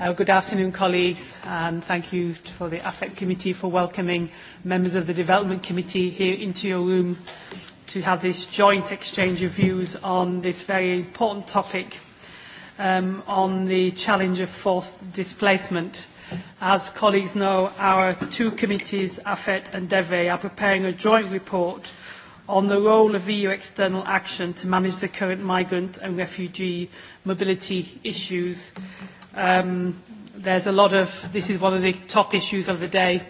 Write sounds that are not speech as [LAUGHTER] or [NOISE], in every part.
Uh, good afternoon, colleagues, and thank you for the AFEC Committee for welcoming members of the Development Committee here into your room to have this joint exchange of views on this very important topic um, on the challenge of forced displacement. As colleagues know, our two committees, AFET and DEVE, are preparing a joint report on the role of EU external action to manage the current migrant and refugee mobility issues Um, there's a lot of, this is one of the top issues of the day,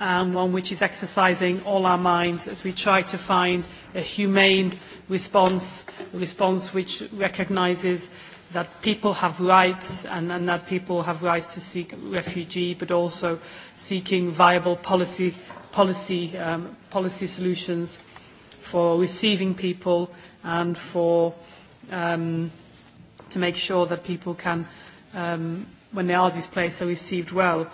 and um, one which is exercising all our minds as we try to find a humane response, a response which recognises that people have rights and, and that people have rights to seek refugee, but also seeking viable policy, policy, um, policy solutions for receiving people and for um, to make sure that people can um, when they are displaced are received well.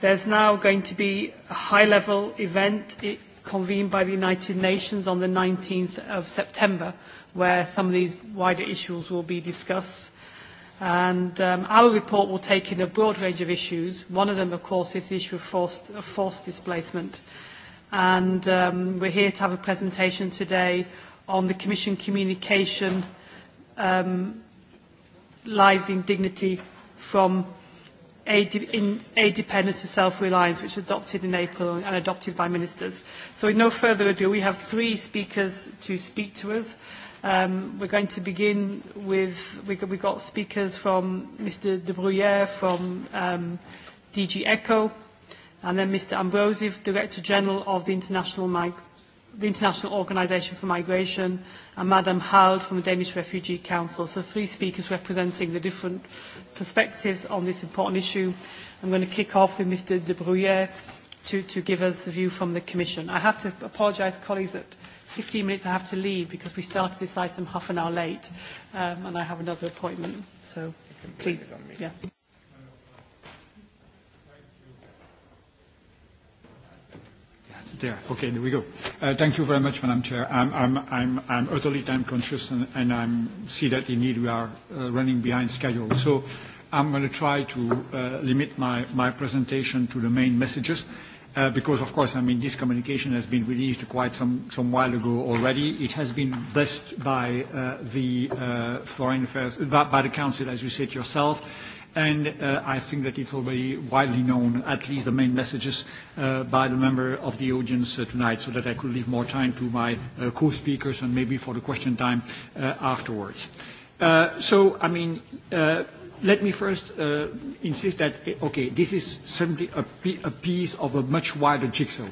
There's now going to be a high-level event convened by the United Nations on the 19th of September, where some of these wider issues will be discussed. And um, our report will take in a broad range of issues. One of them, of course, is the issue of forced, of forced displacement. And um, we're here to have a presentation today on the Commission communication um, lives in dignity from aid, in aid dependence to self-reliance, which was adopted in April and adopted by ministers. So with no further ado, we have three speakers to speak to us. Um, we're going to begin with, we've got, we've got speakers from Mr. De Bruyere from um, DG ECHO, and then Mr. Ambrosiv, Director General of the International Mig the International Organisation for Migration, and Madame Hald from the Danish Refugee Council. So three speakers representing the different perspectives on this important issue. I'm going to kick off with Mr de Bruyere to, to give us the view from the Commission. I have to apologise, colleagues, that 15 minutes I have to leave because we started this item half an hour late, um, and I have another appointment. So please. Yeah. there. Okay, there we go. Uh, thank you very much, Madam Chair. I'm, I'm, I'm, I'm utterly time conscious and, and I see that indeed we are uh, running behind schedule. So I'm going to try to uh, limit my, my presentation to the main messages. Uh, because of course, I mean, this communication has been released quite some, some while ago already. It has been blessed by uh, the uh, Foreign Affairs, by, by the Council, as you said yourself and uh, I think that it's already widely known, at least the main messages uh, by the member of the audience uh, tonight, so that I could leave more time to my uh, co-speakers and maybe for the question time uh, afterwards. Uh, so, I mean, uh, let me first uh, insist that, okay, this is simply a, a piece of a much wider jigsaw.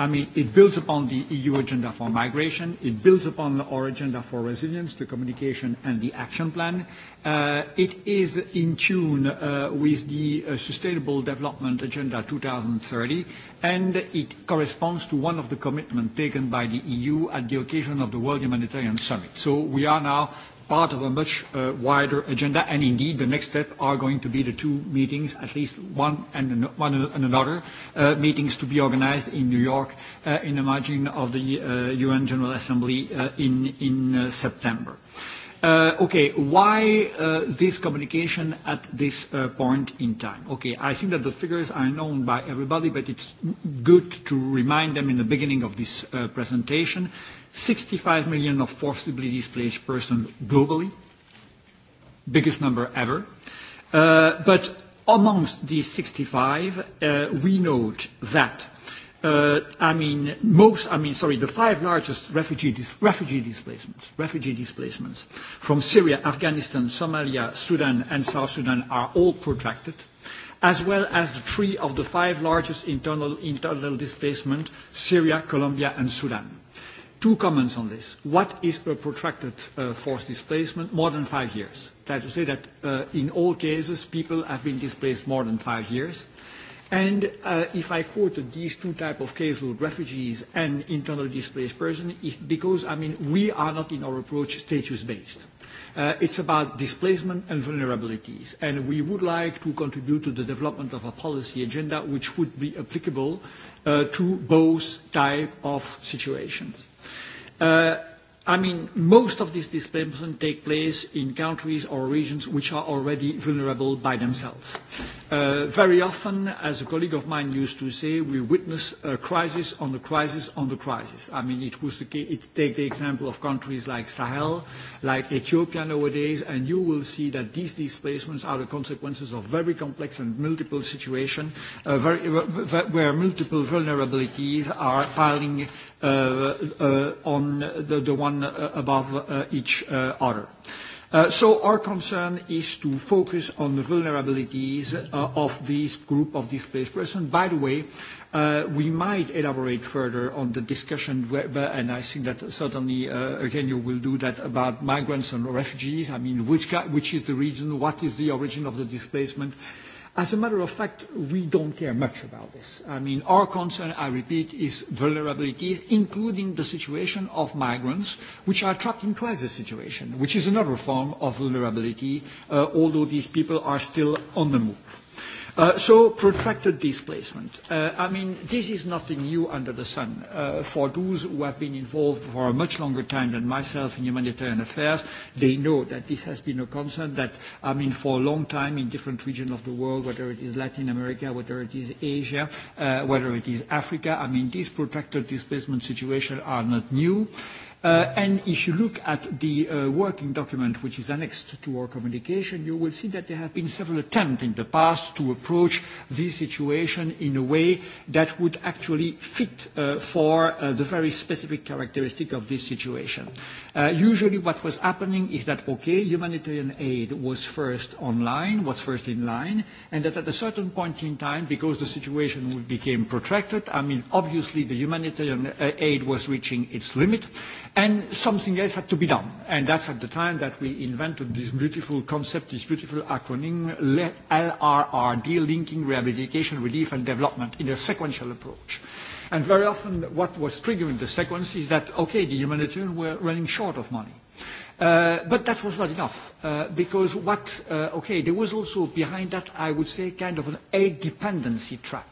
I mean, it builds upon the EU agenda for migration. It builds upon our agenda for resilience, the communication and the action plan. Uh, it is in tune uh, with the uh, Sustainable Development Agenda 2030, and it corresponds to one of the commitments taken by the EU at the occasion of the World Humanitarian Summit. So we are now part of a much uh, wider agenda, and indeed the next step are going to be the two meetings, at least one and, one and another, uh, meetings to be organized in New York uh, in the margin of the uh, UN General Assembly uh, in, in uh, September. Uh, okay, why uh, this communication at this uh, point in time? Okay, I think that the figures are known by everybody, but it's good to remind them in the beginning of this uh, presentation. 65 million of forcibly displaced persons globally, biggest number ever. Uh, but amongst these 65, uh, we note that, uh, I mean, most, I mean, sorry, the five largest refugee, dis refugee displacements, refugee displacements from Syria, Afghanistan, Somalia, Sudan, and South Sudan are all protracted as well as the three of the five largest internal, internal displacement, Syria, Colombia, and Sudan. Two comments on this. What is a protracted uh, forced displacement? More than five years. That is to say that uh, in all cases, people have been displaced more than five years. Uh, And uh, if I quoted these two types of caseload, refugees and internally displaced persons, it's because, I mean, we are not in our approach status-based. Uh, it's about displacement and vulnerabilities. And we would like to contribute to the development of a policy agenda which would be applicable uh, to both type of situations. Uh, I mean, most of these displacements take place in countries or regions which are already vulnerable by themselves. Uh, very often, as a colleague of mine used to say, we witness a crisis on the crisis on the crisis. I mean, it was the case, it take the example of countries like Sahel, like Ethiopia nowadays, and you will see that these displacements are the consequences of very complex and multiple situations uh, very, where multiple vulnerabilities are piling uh, uh, on the, the one uh, above uh, each uh, other. Uh, so our concern is to focus on the vulnerabilities uh, of this group of displaced persons. By the way, uh, we might elaborate further on the discussion, where, and I think that certainly, uh, again, you will do that about migrants and refugees. I mean, which, which is the region, what is the origin of the displacement, uh, As a matter of fact, we don't care much about this. I mean, our concern, I repeat, is vulnerabilities, including the situation of migrants, which are trapped in crisis situation, which is another form of vulnerability, uh, although these people are still on the move. Uh, so protracted displacement. Uh, I mean, this is nothing new under the sun. Uh, for those who have been involved for a much longer time than myself in humanitarian affairs, they know that this has been a concern that, I mean, for a long time in different regions of the world, whether it is Latin America, whether it is Asia, uh, whether it is Africa, I mean, these protracted displacement situations are not new. Uh, Uh, and if you look at the uh, working document which is annexed to our communication, you will see that there have been several attempts in the past to approach this situation in a way that would actually fit uh, for uh, the very specific characteristic of this situation. Uh, usually what was happening is that, okay, humanitarian aid was first online, was first in line, and that at a certain point in time, because the situation became protracted, I mean, obviously the humanitarian uh, aid was reaching its limit, And something else had to be done. And that's at the time that we invented this beautiful concept, this beautiful acronym, LRRD, Linking Rehabilitation, Relief and Development, in a sequential approach. And very often what was triggering the sequence is that, okay, the humanitarian were running short of money. Uh, but that was not enough, uh, because what, uh, okay, there was also behind that, I would say, kind of an aid dependency trap.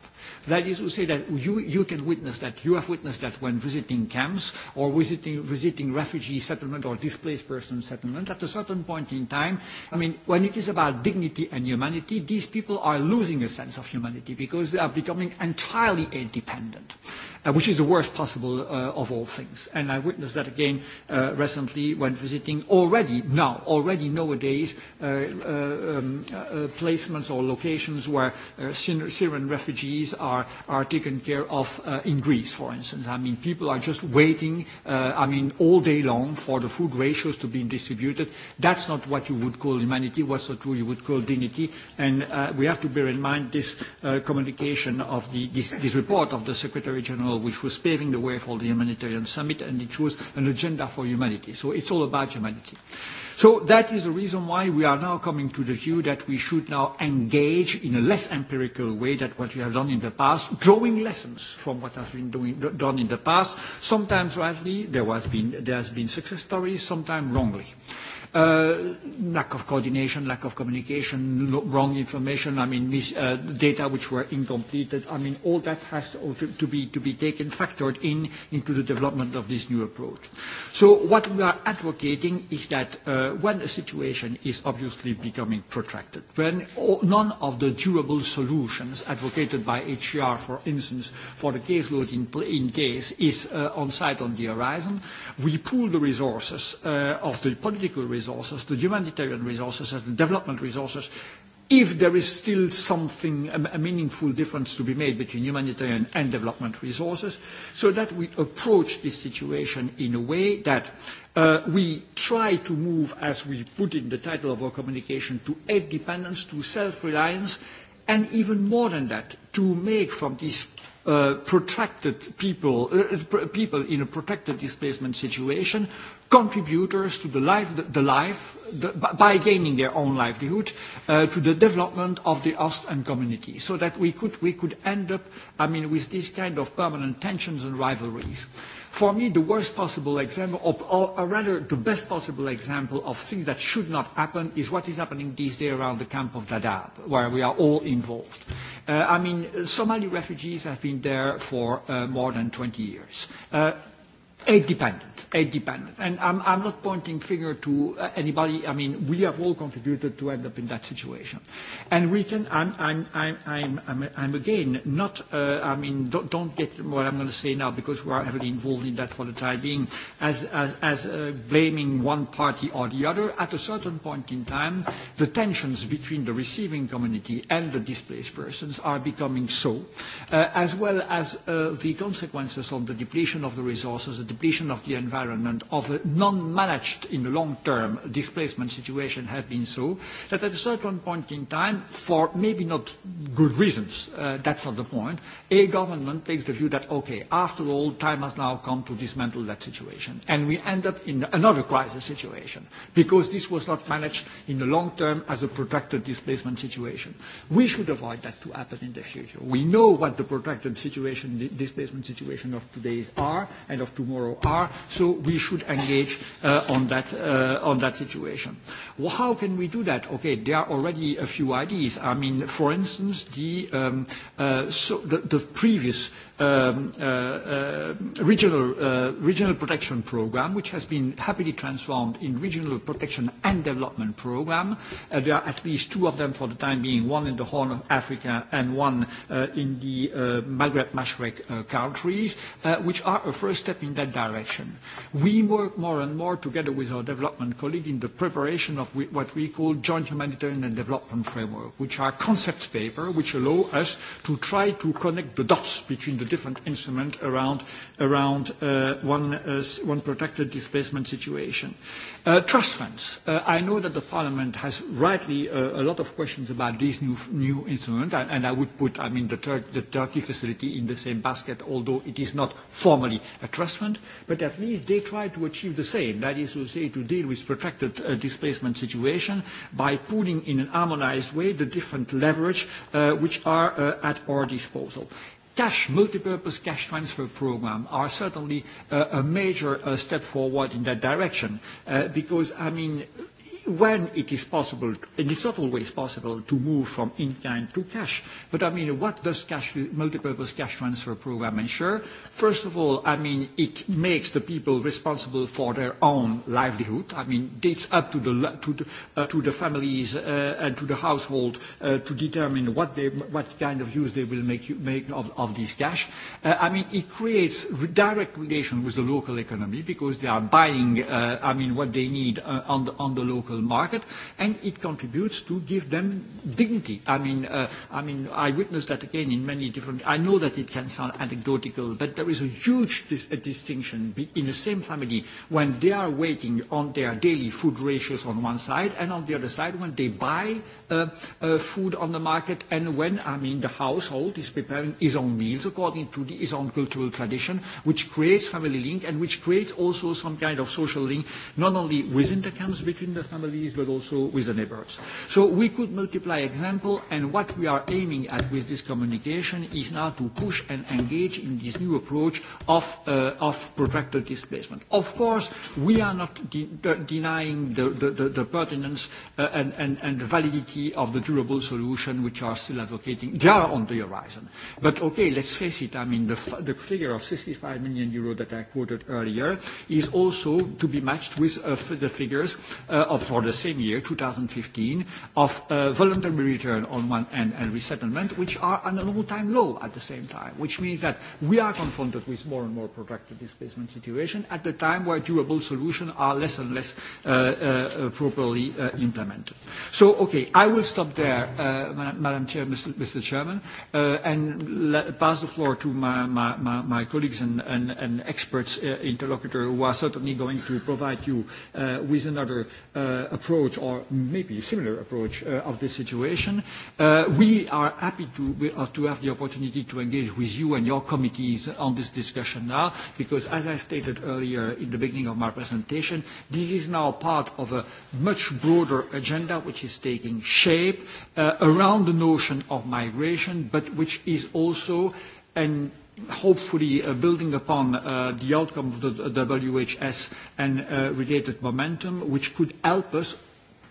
That is to say that you, you can witness that, you have witnessed that when visiting camps or visiting, visiting refugee settlement or displaced person settlement, at a certain point in time, I mean, when it is about dignity and humanity, these people are losing a sense of humanity because they are becoming entirely independent uh, which is the worst possible uh, of all things. And I witnessed that again uh, recently when visiting already now, already nowadays, uh, uh, um, uh, placements or locations where uh, Syrian refugees are, are taken care of uh, in Greece, for instance. I mean, people are just waiting, uh, I mean, all day long for the food ratios to be distributed. That's not what you would call humanity, what's not what you would call dignity. And uh, we have to bear in mind this uh, communication of the, this, this report of the Secretary General Council, which was paving the way for the humanitarian summit, and it was an agenda for humanity. So it's all about humanity. So that is the reason why we are now coming to the view that we should now engage in a less empirical way than what we have done in the past, drawing lessons from what has been doing, done in the past. Sometimes rightly, there, was been, there has been success stories, sometimes wrongly. Uh, lack of coordination, lack of communication, wrong information, I mean, mis uh, data which were incomplete. I mean, all that has to, to, be, to be taken, factored in into the development of this new approach. So what we are advocating is that uh, when a situation is obviously becoming protracted, when all, none of the durable solutions advocated by HR, for instance, for the caseload in, in case is uh, on site on the horizon, we pool the resources uh, of the political resources resources, the humanitarian resources, and the development resources, if there is still something, a, a meaningful difference to be made between humanitarian and development resources, so that we approach this situation in a way that uh, we try to move, as we put in the title of our communication, to aid dependence, to self-reliance, and even more than that, to make from these uh, protracted people, uh, uh people in a protected displacement situation, contributors to the life, the, the life the, by gaining their own livelihood uh, to the development of the Austrian community so that we could, we could end up, I mean, with these kind of permanent tensions and rivalries. For me, the worst possible example, or, or, or rather the best possible example of things that should not happen is what is happening these days around the camp of Dadaab, where we are all involved. Uh, I mean, Somali refugees have been there for uh, more than 20 years. Uh, Aid dependent, aid dependent. And I'm, I'm not pointing finger to uh, anybody. I mean, we have all contributed to end up in that situation. And we can, I'm, I'm, I'm, I'm, I'm, I'm again, not, uh, I mean, don't, don't get what I'm going to say now because we are heavily involved in that for the time being, as, as, as uh, blaming one party or the other. At a certain point in time, the tensions between the receiving community and the displaced persons are becoming so, uh, as well as uh, the consequences of the depletion of the resources depletion of the environment, of a non-managed in the long-term displacement situation have been so, that at a certain point in time, for maybe not good reasons, uh, that's not the point, a government takes the view that, okay, after all, time has now come to dismantle that situation. And we end up in another crisis situation, because this was not managed in the long term as a protracted displacement situation. We should avoid that to happen in the future. We know what the protracted situation, the displacement situation of today are and of tomorrow tomorrow are, so we should engage uh, on, that, uh, on that situation. Well, how can we do that? Okay, there are already a few ideas. I mean, for instance, the, um, uh, so the, the previous um, uh, uh, regional, uh, regional protection program, which has been happily transformed in regional protection and development program. Uh, there are at least two of them for the time being, one in the Horn of Africa and one uh, in the uh, Maghreb Mashrek uh, countries, uh, which are a first step in that direction. We work more and more together with our development colleague in the preparation of of we, what we call joint humanitarian and development framework, which are concept paper which allow us to try to connect the dots between the different instruments around, around uh, one, uh, one protected displacement situation. Uh, trust funds. Uh, I know that the Parliament has rightly uh, a lot of questions about these new, new instruments, and, and I would put, I mean, the, Tur the Turkey facility in the same basket, although it is not formally a trust fund, but at least they try to achieve the same, that is to say, to deal with protected uh, displacement situation by pooling in an harmonized way the different leverage uh, which are uh, at our disposal cash, multipurpose cash transfer program are certainly uh, a major uh, step forward in that direction. Uh, because, I mean, when it is possible, and it's not always possible, to move from in-kind to cash. But I mean, what does cash, multipurpose cash transfer program ensure? First of all, I mean, it makes the people responsible for their own livelihood. I mean, it's up to the, to the, uh, to the families uh, and to the household uh, to determine what, they, what kind of use they will make, make of, of this cash. Uh, I mean, it creates direct relation with the local economy because they are buying, uh, I mean, what they need uh, on, the, on the local internal market, and it contributes to give them dignity. I mean, uh, I mean, I witnessed that again in many different. I know that it can sound anecdotal, but there is a huge dis a distinction in the same family when they are waiting on their daily food ratios on one side, and on the other side when they buy uh, uh, food on the market, and when I mean the household is preparing his own meals according to the, his own cultural tradition, which creates family link and which creates also some kind of social link, not only within the camps between the family families, but also with the neighbors. So we could multiply examples, and what we are aiming at with this communication is now to push and engage in this new approach of, uh, of protracted displacement. Of course, we are not de de denying the, the, the, the pertinence uh, and, and, and the validity of the durable solution which are still advocating. They are on the horizon. But okay, let's face it, I mean, the, the figure of 65 million that I quoted earlier is also to be matched with uh, the figures uh, of for the same year, 2015, of uh, voluntary return on one end and resettlement, which are on a long time low at the same time, which means that we are confronted with more and more protracted displacement situation at the time where durable solutions are less and less uh, uh, uh properly uh, implemented. So, okay, I will stop there, uh, Madam Chair, Mr. Chairman, uh, and pass the floor to my, my, my, my colleagues and, and, and experts uh, interlocutor who are certainly going to provide you uh, with another uh, uh, approach or maybe similar approach uh, of this situation. Uh, we are happy to, are uh, to have the opportunity to engage with you and your committees on this discussion now because as I stated earlier in the beginning of my presentation, this is now part of a much broader agenda which is taking shape uh, around the notion of migration but which is also an hopefully uh, building upon uh, the outcome of the, WHS and uh, related momentum, which could help us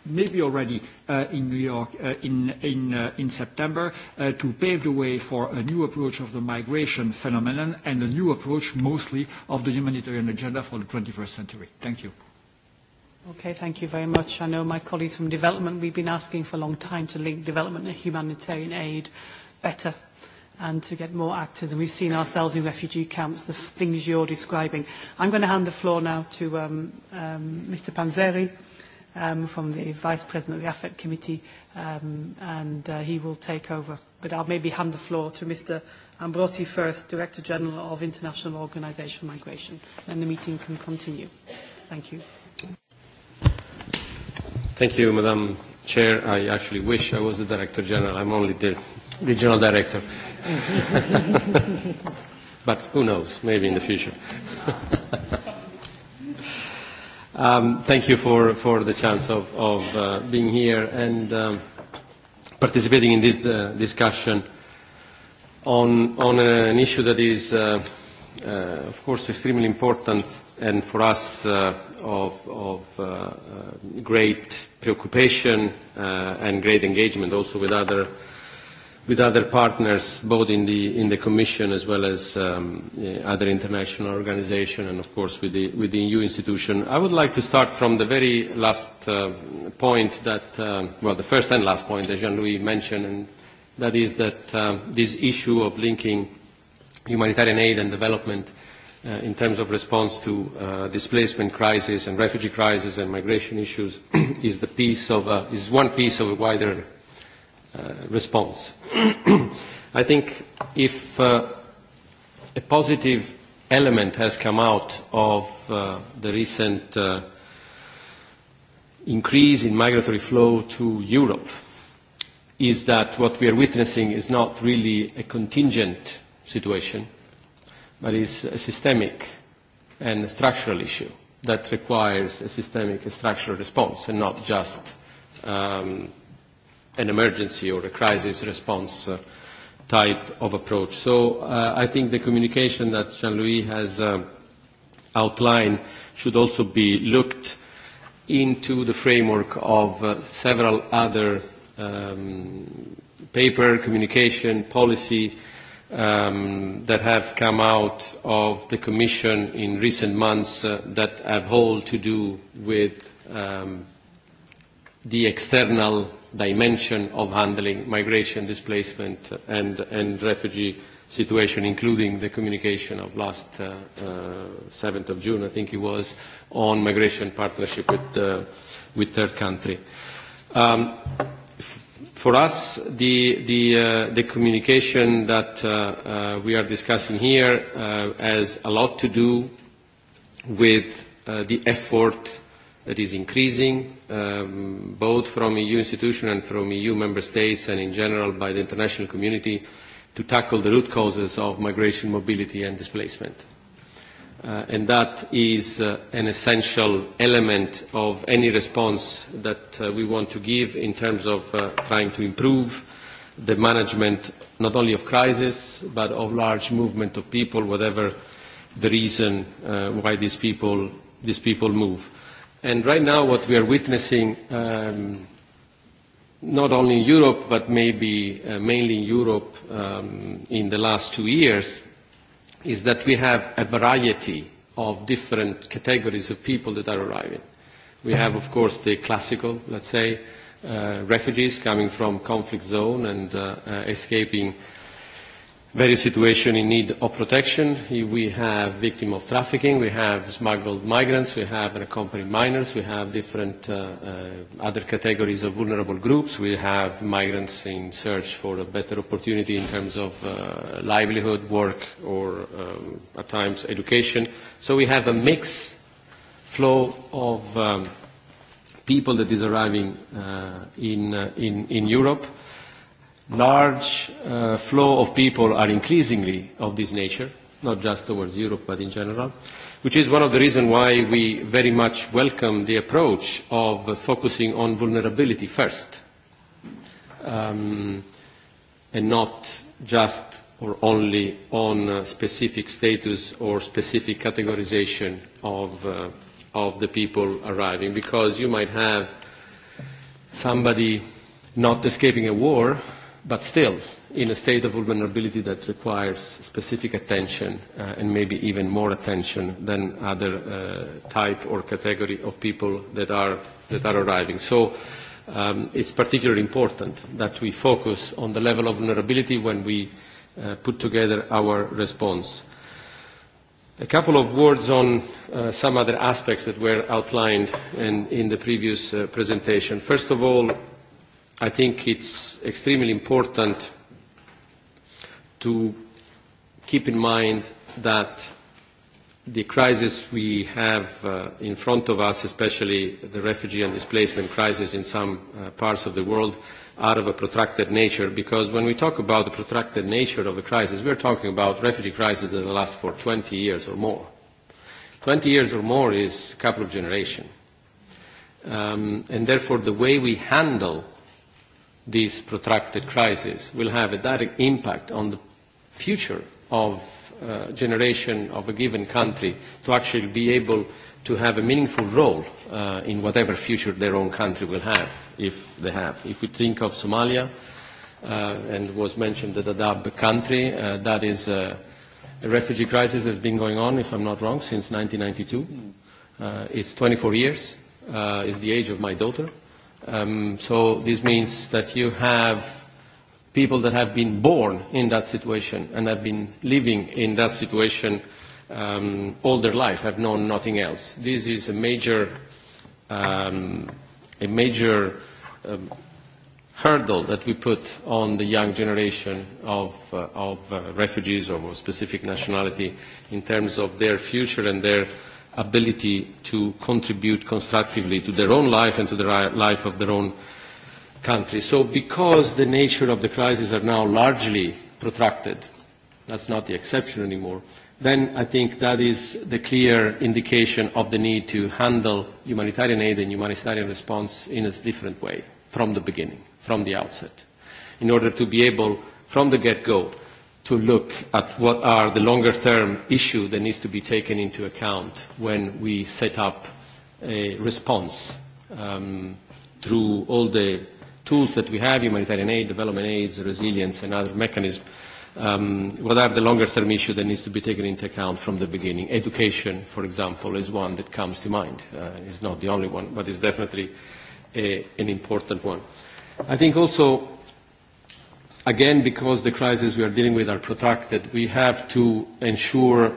maybe already uh, in New York uh, in, in, uh, in September uh, to pave the way for a new approach of the migration phenomenon and a new approach mostly of the humanitarian agenda for the 21st century. Thank you. Okay, thank you very much. I know my colleagues from development, we've been asking for a long time to link development and humanitarian aid better and to get more actors. And we've seen ourselves in refugee camps, the things you're describing. I'm going to hand the floor now to um, um, Mr. Panzeri um, from the Vice President of the Affect Committee, um, and uh, he will take over. But I'll maybe hand the floor to Mr. Ambrosi first, Director General of International Organization Migration, and the meeting can continue. Thank you. Thank you, Madam Chair. I actually wish I was the Director General. I'm only the Regional Director. [LAUGHS] but who knows, maybe in the future. [LAUGHS] um, thank you for, for the chance of, of uh, being here and um, participating in this uh, discussion on, on an issue that is, uh, uh, of course, extremely important and for us uh, of, of uh, uh, great preoccupation uh, and great engagement also with other with other partners, both in the, in the Commission as well as um, eh, other international organizations and, of course, with the, with the EU institution. I would like to start from the very last uh, point that, uh, well, the first and last point that Jean-Louis mentioned, and that is that uh, this issue of linking humanitarian aid and development uh, in terms of response to uh, displacement crisis and refugee crisis and migration issues [CLEARS THROAT] is, the piece of, uh, is one piece of a wider uh, response. [CLEARS THROAT] I think if uh, a positive element has come out of uh, the recent uh, increase in migratory flow to Europe is that what we are witnessing is not really a contingent situation, but is a systemic and a structural issue that requires a systemic and structural response and not just um, an emergency or a crisis response uh, type of approach. So uh, I think the communication that Jean-Louis has uh, outlined should also be looked into the framework of uh, several other um, paper, communication, policy um, that have come out of the Commission in recent months uh, that have all to do with um, the external dimension of handling migration, displacement and, and refugee situation, including the communication of last uh, uh, 7th of June, I think it was, on migration partnership with, uh, with third country. Um, for us, the, the, uh, the communication that uh, uh, we are discussing here uh, has a lot to do with uh, the effort that is increasing, um, both from EU institutions and from EU member states and in general by the international community to tackle the root causes of migration, mobility and displacement. Uh, and that is uh, an essential element of any response that uh, we want to give in terms of uh, trying to improve the management not only of crisis but of large movement of people, whatever the reason uh, why these people, these people move. And right now what we are witnessing, um, not only in Europe, but maybe uh, mainly in Europe um, in the last two years, is that we have a variety of different categories of people that are arriving. We have, of course, the classical, let's say, uh, refugees coming from conflict zone and uh, uh, escaping Very situation in need of protection. We have victims of trafficking, we have smuggled migrants, we have unaccompanied minors, we have different uh, uh, other categories of vulnerable groups, we have migrants in search for a better opportunity in terms of uh, livelihood, work, or um, at times education. So we have a mix flow of um, people that is arriving uh, in, uh, in, in Europe large uh, flow of people are increasingly of this nature, not just towards Europe but in general, which is one of the reasons why we very much welcome the approach of uh, focusing on vulnerability first um, and not just or only on uh, specific status or specific categorization of, uh, of the people arriving because you might have somebody not escaping a war but still in a state of vulnerability that requires specific attention uh, and maybe even more attention than other uh, type or category of people that are, that are arriving. So um, it's particularly important that we focus on the level of vulnerability when we uh, put together our response. A couple of words on uh, some other aspects that were outlined in, in the previous uh, presentation. First of all, I think it's extremely important to keep in mind that the crisis we have uh, in front of us, especially the refugee and displacement crisis in some uh, parts of the world, are of a protracted nature because when we talk about the protracted nature of a crisis, we're talking about refugee crisis that last for 20 years or more. 20 years or more is a couple of generations. Um, and therefore the way we handle this protracted crisis will have a direct impact on the future of uh, generation of a given country to actually be able to have a meaningful role uh, in whatever future their own country will have, if they have. If we think of Somalia, uh, and was mentioned the Dadaab country, uh, that is uh, a refugee crisis that's been going on, if I'm not wrong, since 1992. Hmm. Uh, it's 24 years. Uh, it's the age of my daughter. Um, so this means that you have people that have been born in that situation and have been living in that situation um, all their life, have known nothing else. This is a major, um, a major um, hurdle that we put on the young generation of, uh, of uh, refugees of a specific nationality in terms of their future and their ability to contribute constructively to their own life and to the life of their own country. So because the nature of the crisis are now largely protracted, that's not the exception anymore, then I think that is the clear indication of the need to handle humanitarian aid and humanitarian response in a different way from the beginning, from the outset, in order to be able from the get-go to look at what are the longer term issues that needs to be taken into account when we set up a response um, through all the tools that we have, humanitarian aid, development aids, resilience and other mechanisms, um, what are the longer term issues that needs to be taken into account from the beginning. Education, for example, is one that comes to mind. Uh, it's not the only one, but it's definitely a, an important one. I think also again, because the crises we are dealing with are protracted, we have to ensure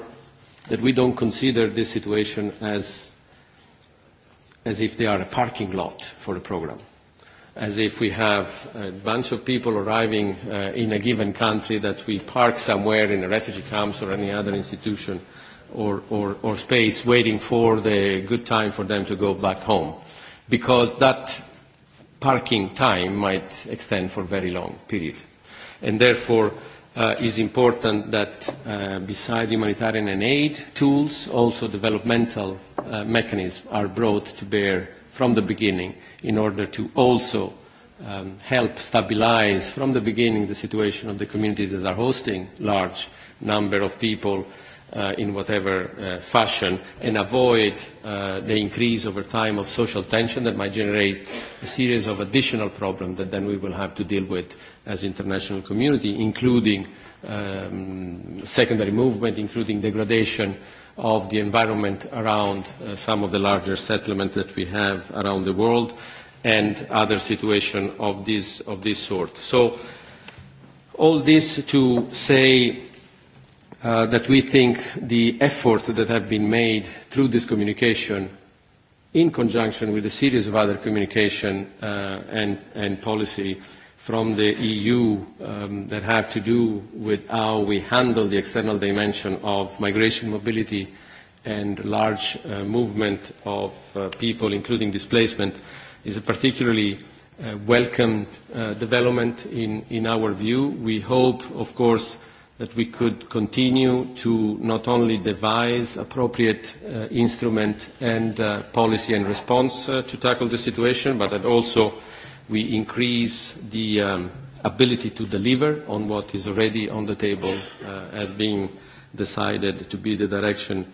that we don't consider this situation as, as if they are a parking lot for the program, as if we have a bunch of people arriving uh, in a given country that we park somewhere in a refugee camps or any other institution or, or, or space waiting for the good time for them to go back home, because that parking time might extend for a very long period and therefore uh, is important that uh, beside humanitarian and aid tools, also developmental uh, mechanisms are brought to bear from the beginning in order to also um, help stabilize from the beginning the situation of the communities that are hosting large number of people uh, in whatever uh, fashion and avoid uh, the increase over time of social tension that might generate a series of additional problems that then we will have to deal with as international community, including um, secondary movement, including degradation of the environment around uh, some of the larger settlements that we have around the world and other situations of this, of this sort. So all this to say uh, that we think the effort that have been made through this communication in conjunction with a series of other communication uh, and, and policy from the EU um, that have to do with how we handle the external dimension of migration mobility and large uh, movement of uh, people, including displacement, is a particularly uh, welcome uh, development in, in our view. We hope, of course, that we could continue to not only devise appropriate uh, instrument and uh, policy and response uh, to tackle the situation, but that also we increase the um, ability to deliver on what is already on the table uh, as being decided to be the direction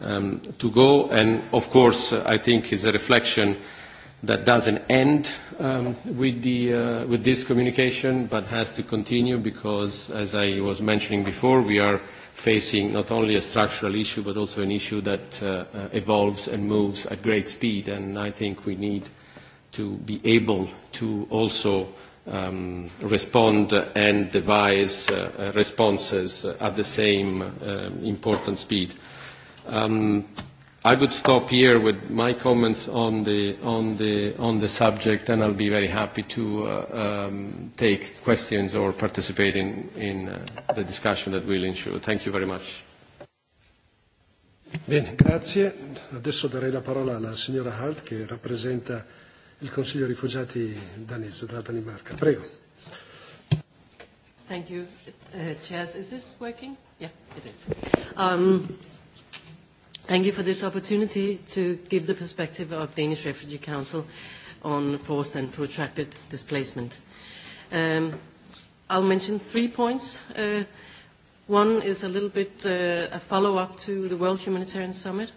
um, to go. And of course, uh, I think is a reflection that doesn't end um, with, the, uh, with this communication but has to continue because, as I was mentioning before, we are facing not only a structural issue but also an issue that uh, uh evolves and moves at great speed and I think we need to be able to also um, respond and devise uh, uh responses at the same uh, important speed. Um, I would stop here with my comments on the, on the, on the subject and I'll be very happy to uh, um, take questions or participate in, in uh, the discussion that will ensure. Thank you very much. Bene, grazie. Adesso darei la parola alla signora Halt che rappresenta il Consiglio rifugiati danese della Danimarca. Prego. Thank you. Uh, Chairs, is this working? Yeah, it is. Um, Thank you for this opportunity to give the perspective of Danish Refugee Council on forced and protracted displacement. Um, I'll mention three points. Uh, one is a little bit uh, a follow-up to the World Humanitarian Summit.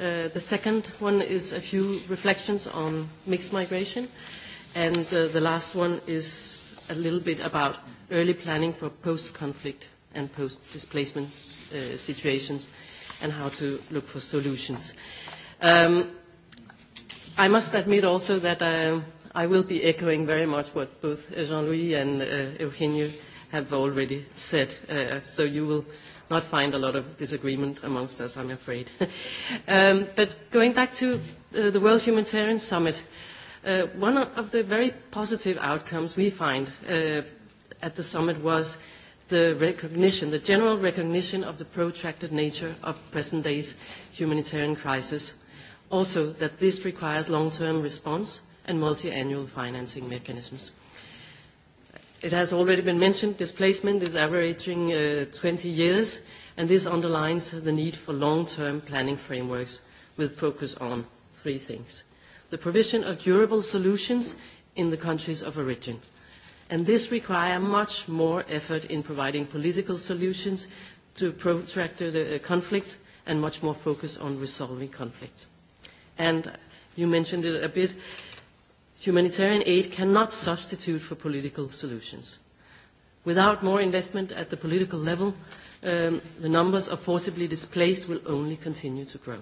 Uh, the second one is a few reflections on mixed migration. And uh, the last one is a little bit about early planning for post-conflict and post-displacement uh, situations and how to look for solutions. Um, I must admit also that I, uh, I will be echoing very much what both Jean-Louis and uh, Eugenio have already said, uh, so you will not find a lot of disagreement amongst us, I'm afraid. [LAUGHS] um, but going back to uh, the World Humanitarian Summit, uh, one of the very positive outcomes we find uh, at the summit was the recognition, the general recognition of the protracted nature of present day's humanitarian crisis. Also, that this requires long-term response and multi-annual financing mechanisms. It has already been mentioned, displacement is averaging uh, 20 years, and this underlines the need for long-term planning frameworks with focus on three things. The provision of durable solutions in the countries of origin – and this requires much more effort in providing political solutions to protracted uh, conflicts and much more focus on resolving conflicts. And you mentioned it a bit, humanitarian aid cannot substitute for political solutions. Without more investment at the political level, um, the numbers of forcibly displaced will only continue to grow.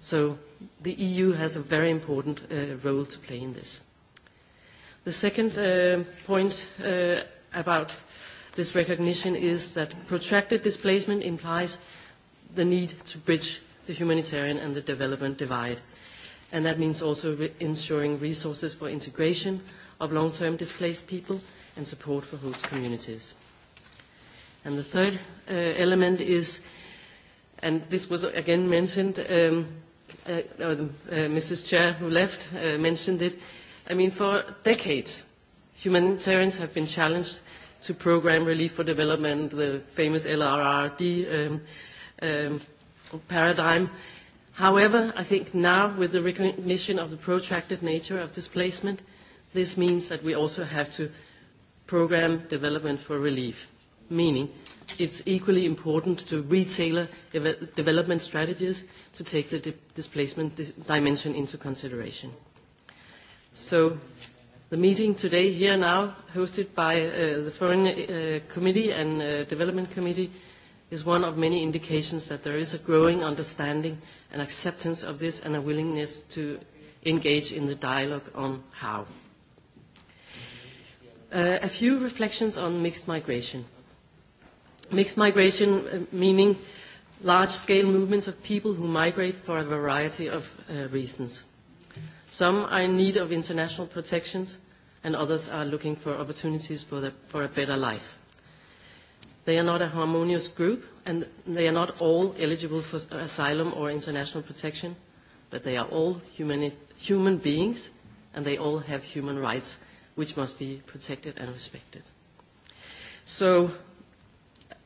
So the EU has a very important uh, role to play in this. The second uh, point uh, about this recognition is that protracted displacement implies the need to bridge the humanitarian and the development divide. And that means also re ensuring resources for integration of long-term displaced people and support for host communities. And the third uh, element is, and this was again mentioned, um, uh, uh, uh Mrs. Chair who left uh, mentioned it, I mean, for decades, humanitarians have been challenged to program relief for development, the famous LRRD um, um, paradigm. However, I think now with the recognition of the protracted nature of displacement, this means that we also have to program development for relief, meaning it's equally important to retailer development strategies to take the displacement dimension into consideration. So the meeting today here now hosted by uh, the Foreign uh, Committee and uh, Development Committee is one of many indications that there is a growing understanding and acceptance of this and a willingness to engage in the dialogue on how. Uh, a few reflections on mixed migration. Mixed migration uh, meaning large-scale movements of people who migrate for a variety of uh, reasons. Some are in need of international protections, and others are looking for opportunities for, the, for a better life. They are not a harmonious group, and they are not all eligible for asylum or international protection, but they are all human human beings, and they all have human rights, which must be protected and respected. So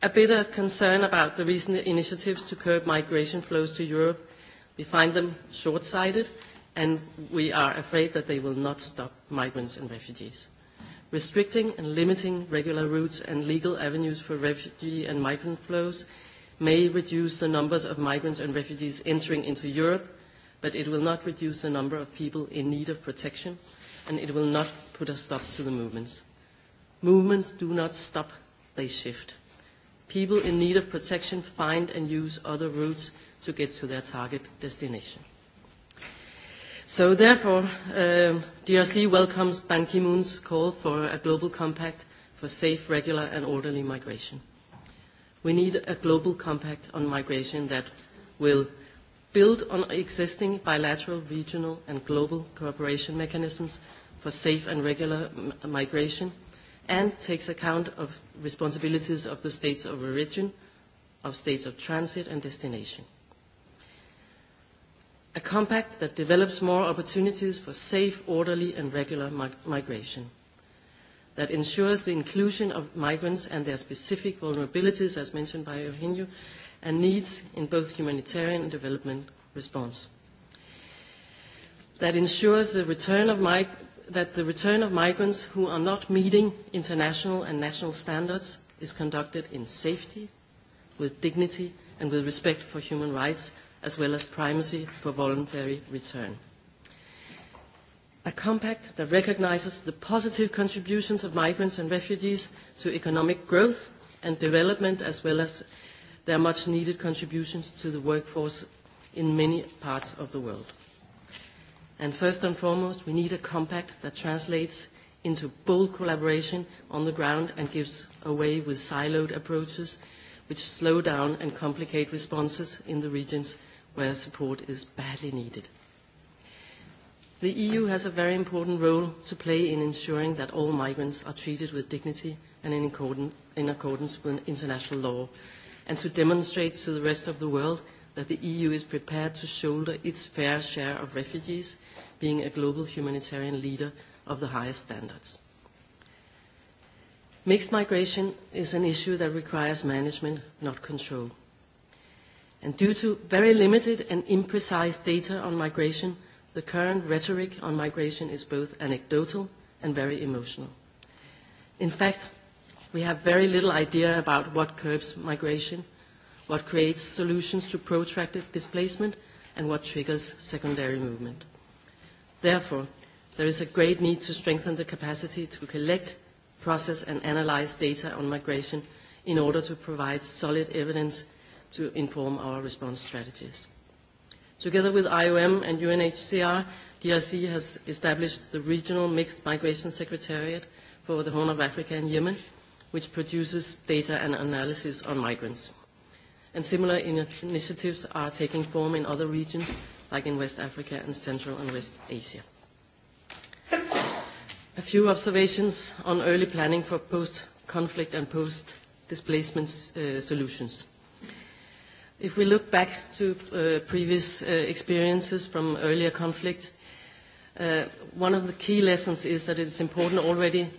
a bit of concern about the recent initiatives to curb migration flows to Europe. We find them short-sighted and we are afraid that they will not stop migrants and refugees. Restricting and limiting regular routes and legal avenues for refugee and migrant flows may reduce the numbers of migrants and refugees entering into Europe, but it will not reduce the number of people in need of protection, and it will not put a stop to the movements. Movements do not stop, they shift. People in need of protection find and use other routes to get to their target destination. So therefore, um, DRC welcomes Ban Ki-moon's call for a global compact for safe, regular and orderly migration. We need a global compact on migration that will build on existing bilateral, regional and global cooperation mechanisms for safe and regular migration and takes account of responsibilities of the states of origin, of states of transit and destination a compact that develops more opportunities for safe, orderly and regular migration, that ensures the inclusion of migrants and their specific vulnerabilities, as mentioned by Eugenio, and needs in both humanitarian and development response, that ensures the return of mig that the return of migrants who are not meeting international and national standards is conducted in safety, with dignity and with respect for human rights as well as primacy for voluntary return. A compact that recognizes the positive contributions of migrants and refugees to economic growth and development as well as their much needed contributions to the workforce in many parts of the world. And first and foremost, we need a compact that translates into bold collaboration on the ground and gives away with siloed approaches which slow down and complicate responses in the regions where support is badly needed. The EU has a very important role to play in ensuring that all migrants are treated with dignity and in, accordance, in accordance with international law, and to demonstrate to the rest of the world that the EU is prepared to shoulder its fair share of refugees, being a global humanitarian leader of the highest standards. Mixed migration is an issue that requires management, not control. And due to very limited and imprecise data on migration, the current rhetoric on migration is both anecdotal and very emotional. In fact, we have very little idea about what curbs migration, what creates solutions to protracted displacement, and what triggers secondary movement. Therefore, there is a great need to strengthen the capacity to collect, process, and analyze data on migration in order to provide solid evidence to inform our response strategies. Together with IOM and UNHCR, DRC has established the Regional Mixed Migration Secretariat for the Horn of Africa and Yemen, which produces data and analysis on migrants. And similar in initiatives are taking form in other regions, like in West Africa and Central and West Asia. A few observations on early planning for post-conflict and post-displacement uh, solutions. If we look back to uh, previous uh, experiences from earlier conflicts, uh, one of the key lessons is that it's important already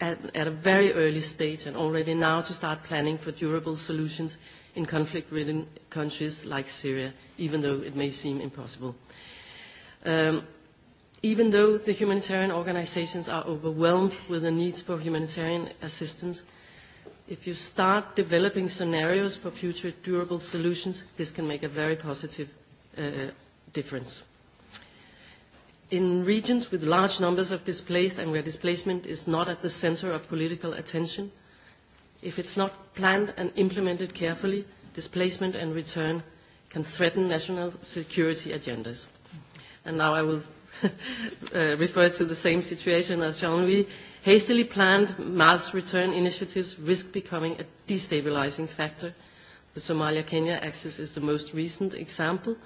at, at a very early stage and already now to start planning for durable solutions in conflict-ridden countries like Syria, even though it may seem impossible. Um, even though the humanitarian organizations are overwhelmed with the needs for humanitarian assistance, if you start developing scenarios for future durable solutions, this can make a very positive uh, difference. In regions with large numbers of displaced and where displacement is not at the center of political attention, if it's not planned and implemented carefully, displacement and return can threaten national security agendas. And now I will [LAUGHS] uh, refer to the same situation as Jean-Louis. Hastily planned mass return initiatives risk becoming a destabilizing factor. The Somalia-Kenya axis is the most recent example.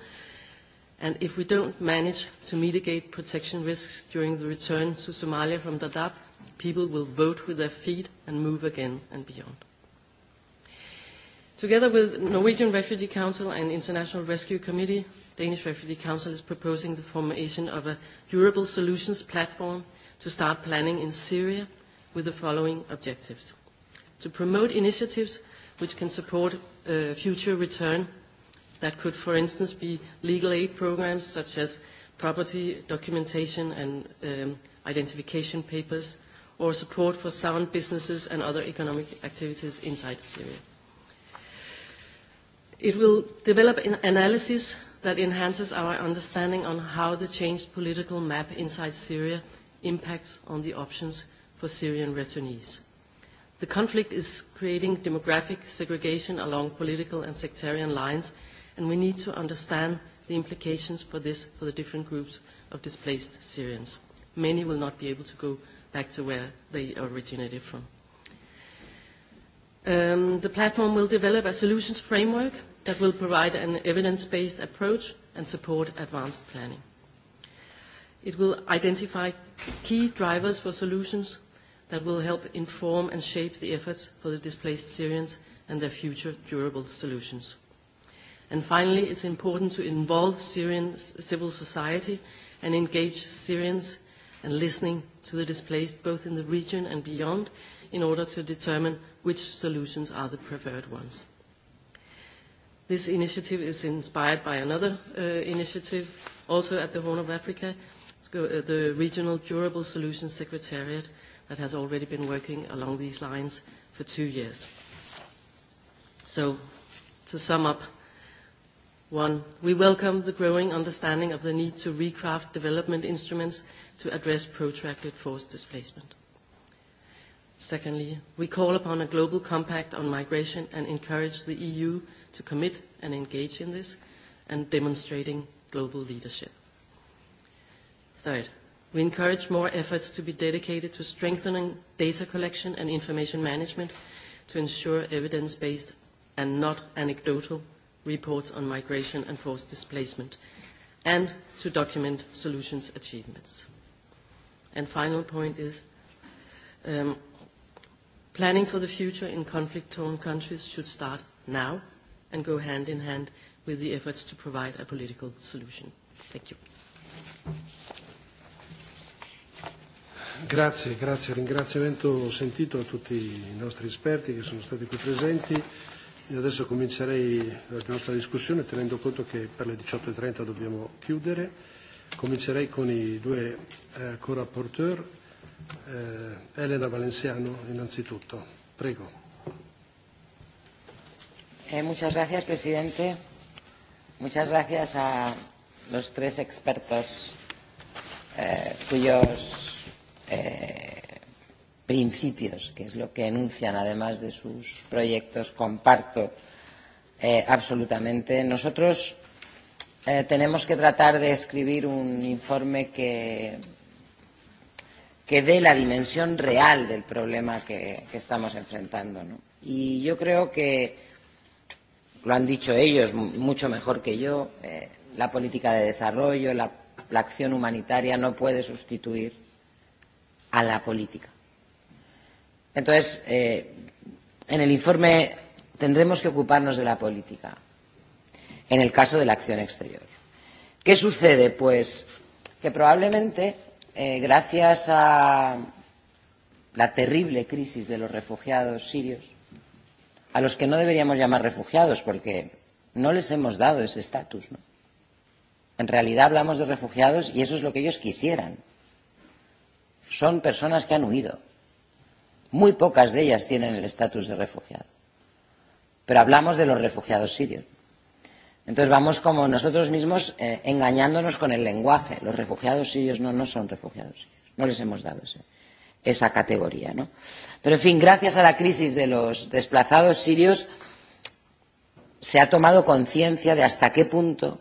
And if we don't manage to mitigate protection risks during the return to Somalia from Dadaab, people will vote with their feet and move again and beyond. Together with Norwegian Refugee Council and International Rescue Committee, Danish Refugee Council is proposing the formation of a durable solutions platform – to start planning in Syria with the following objectives. To promote initiatives which can support uh, future return that could, for instance, be legal aid programs such as property documentation and um, identification papers, or support for sound businesses and other economic activities inside Syria. It will develop an analysis that enhances our understanding on how the changed political map inside Syria impacts on the options for Syrian returnees. The conflict is creating demographic segregation along political and sectarian lines, and we need to understand the implications for this for the different groups of displaced Syrians. Many will not be able to go back to where they originated from. Um, the platform will develop a solutions framework that will provide an evidence-based approach and support advanced planning. It will identify key drivers for solutions that will help inform and shape the efforts for the displaced Syrians and their future durable solutions. And finally, it's important to involve Syrian civil society and engage Syrians and listening to the displaced both in the region and beyond in order to determine which solutions are the preferred ones. This initiative is inspired by another uh, initiative also at the Horn of Africa Uh, the Regional Durable Solutions Secretariat that has already been working along these lines for two years. So, to sum up, one, we welcome the growing understanding of the need to recraft development instruments to address protracted forced displacement. Secondly, we call upon a global compact on migration and encourage the EU to commit and engage in this and demonstrating global leadership. Third, we encourage more efforts to be dedicated to strengthening data collection and information management to ensure evidence-based and not anecdotal reports on migration and forced displacement, and to document solutions achievements. And final point is um, planning for the future in conflict-torn countries should start now and go hand in hand with the efforts to provide a political solution. Thank you. Grazie, grazie. Ringraziamento sentito a tutti i nostri esperti che sono stati qui presenti. E adesso comincerei la nostra discussione tenendo conto che per le 18.30 e dobbiamo chiudere. Comincerei con i due eh, co-rapporteur. Eh, Elena Valenciano innanzitutto. Prego. Eh, muchas gracias, presidente. Muchas gracias a los tres expertos eh, cuyos Eh, principios, que es lo que enuncian además de sus proyectos, comparto eh, absolutamente. Nosotros eh, tenemos que tratar de escribir un informe que, que dé la dimensión real del problema que, que estamos enfrentando. ¿no? Y yo creo que, lo han dicho ellos mucho mejor que yo, eh, la política de desarrollo, la, la acción humanitaria no puede sustituir a la política. Entonces, eh, en el informe tendremos que ocuparnos de la política, en el caso de la acción exterior. ¿Qué sucede? Pues que probablemente, eh, gracias a la terrible crisis de los refugiados sirios, a los que no deberíamos llamar refugiados porque no les hemos dado ese estatus, ¿no? En realidad hablamos de refugiados y eso es lo que ellos quisieran, son personas que han huido. Muy pocas de ellas tienen el estatus de refugiado. Pero hablamos de los refugiados sirios. Entonces vamos como nosotros mismos eh, engañándonos con el lenguaje. Los refugiados sirios no, no son refugiados sirios. No les hemos dado ese, esa categoría. ¿no? Pero en fin, gracias a la crisis de los desplazados sirios se ha tomado conciencia de hasta qué punto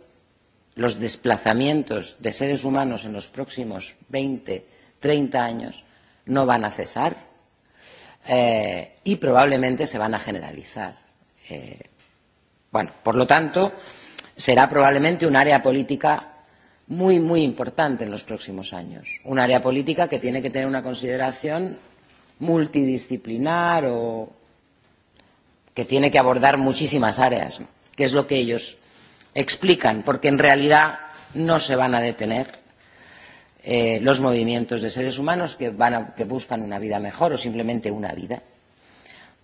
los desplazamientos de seres humanos en los próximos 20, 30 años no van a cesar eh, y probablemente se van a generalizar. Eh, bueno, por lo tanto, será probablemente un área política muy, muy importante en los próximos años. Un área política que tiene que tener una consideración multidisciplinar o que tiene que abordar muchísimas áreas, que es lo que ellos explican, porque en realidad no se van a detener eh, los movimientos de seres humanos que, van a, que buscan una vida mejor o simplemente una vida,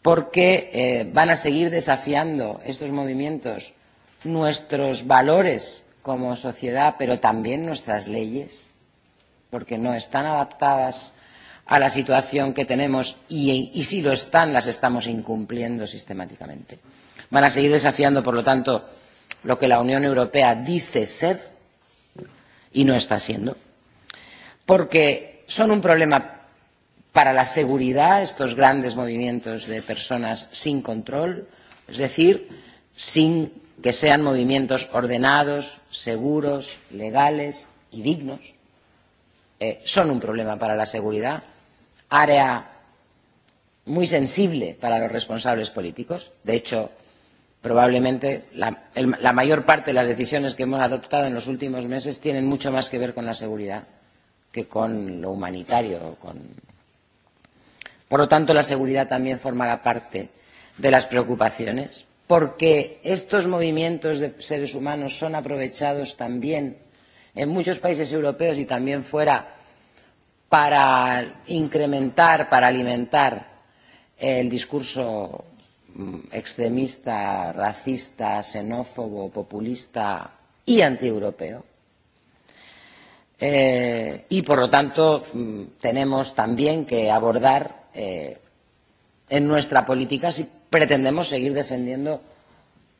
porque eh, van a seguir desafiando estos movimientos nuestros valores como sociedad, pero también nuestras leyes, porque no están adaptadas a la situación que tenemos y, y si lo están, las estamos incumpliendo sistemáticamente. Van a seguir desafiando, por lo tanto, lo que la Unión Europea dice ser y no está siendo porque son un problema para la seguridad, estos grandes movimientos de personas sin control, es decir, sin que sean movimientos ordenados, seguros, legales y dignos, eh, son un problema para la seguridad, área muy sensible para los responsables políticos. De hecho, probablemente la, el, la mayor parte de las decisiones que hemos adoptado en los últimos meses tienen mucho más que ver con la seguridad que con lo humanitario. Con... Por lo tanto, la seguridad también formará parte de las preocupaciones, porque estos movimientos de seres humanos son aprovechados también en muchos países europeos y también fuera para incrementar, para alimentar el discurso mm, extremista, racista, xenófobo, populista y antieuropeo eh, y, por lo tanto, mm, tenemos también que abordar eh, en nuestra política si pretendemos seguir defendiendo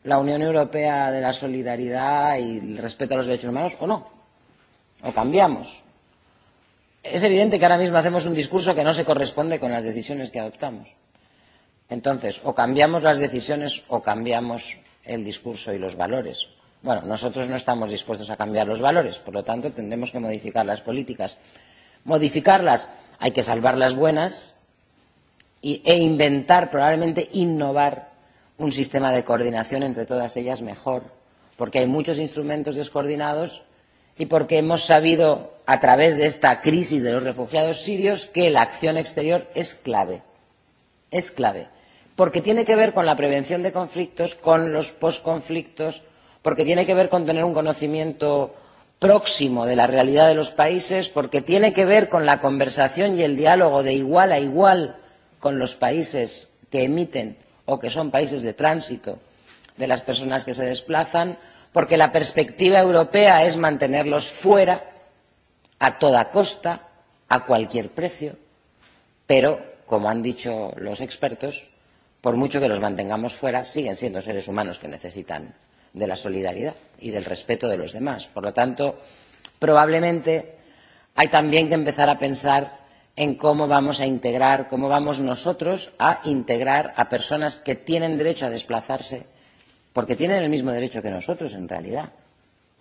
la Unión Europea de la solidaridad y el respeto a los derechos humanos o no, o cambiamos. Es evidente que ahora mismo hacemos un discurso que no se corresponde con las decisiones que adoptamos. Entonces, o cambiamos las decisiones o cambiamos el discurso y los valores. Bueno, nosotros no estamos dispuestos a cambiar los valores, por lo tanto tendremos que modificar las políticas. Modificarlas, hay que salvar las buenas y, e inventar, probablemente innovar un sistema de coordinación entre todas ellas mejor, porque hay muchos instrumentos descoordinados y porque hemos sabido a través de esta crisis de los refugiados sirios que la acción exterior es clave. Es clave. Porque tiene que ver con la prevención de conflictos, con los posconflictos, porque tiene que ver con tener un conocimiento próximo de la realidad de los países, porque tiene que ver con la conversación y el diálogo de igual a igual con los países que emiten o que son países de tránsito de las personas que se desplazan, porque la perspectiva europea es mantenerlos fuera a toda costa, a cualquier precio, pero, como han dicho los expertos, por mucho que los mantengamos fuera, siguen siendo seres humanos que necesitan de la solidaridad y del respeto de los demás. Por lo tanto, probablemente hay también que empezar a pensar en cómo vamos a integrar, cómo vamos nosotros a integrar a personas que tienen derecho a desplazarse, porque tienen el mismo derecho que nosotros en realidad.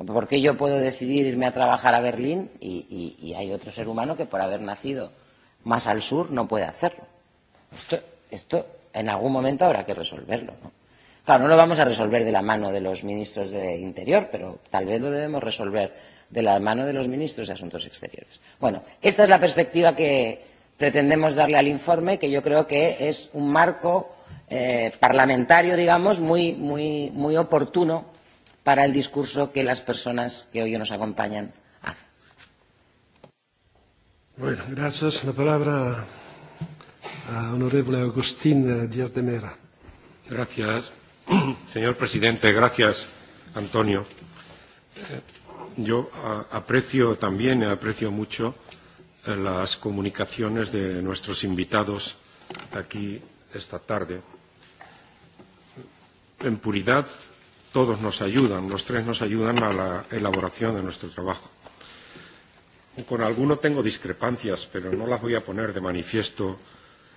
Porque yo puedo decidir irme a trabajar a Berlín y, y, y hay otro ser humano que por haber nacido más al sur no puede hacerlo. Esto, esto en algún momento habrá que resolverlo. ¿no? Claro, no lo vamos a resolver de la mano de los ministros de Interior, pero tal vez lo debemos resolver de la mano de los ministros de Asuntos Exteriores. Bueno, esta es la perspectiva que pretendemos darle al informe, que yo creo que es un marco eh, parlamentario, digamos, muy, muy, muy oportuno para el discurso que las personas que hoy nos acompañan hacen. Bueno, gracias. La palabra a honorable Agustín Díaz de Mera. Gracias. [COUGHS] Señor presidente, gracias, Antonio. Eh, yo ah, aprecio también, aprecio mucho eh, las comunicaciones de nuestros invitados aquí esta tarde. En puridad, todos nos ayudan, los tres nos ayudan a la elaboración de nuestro trabajo. Con alguno tengo discrepancias, pero no las voy a poner de manifiesto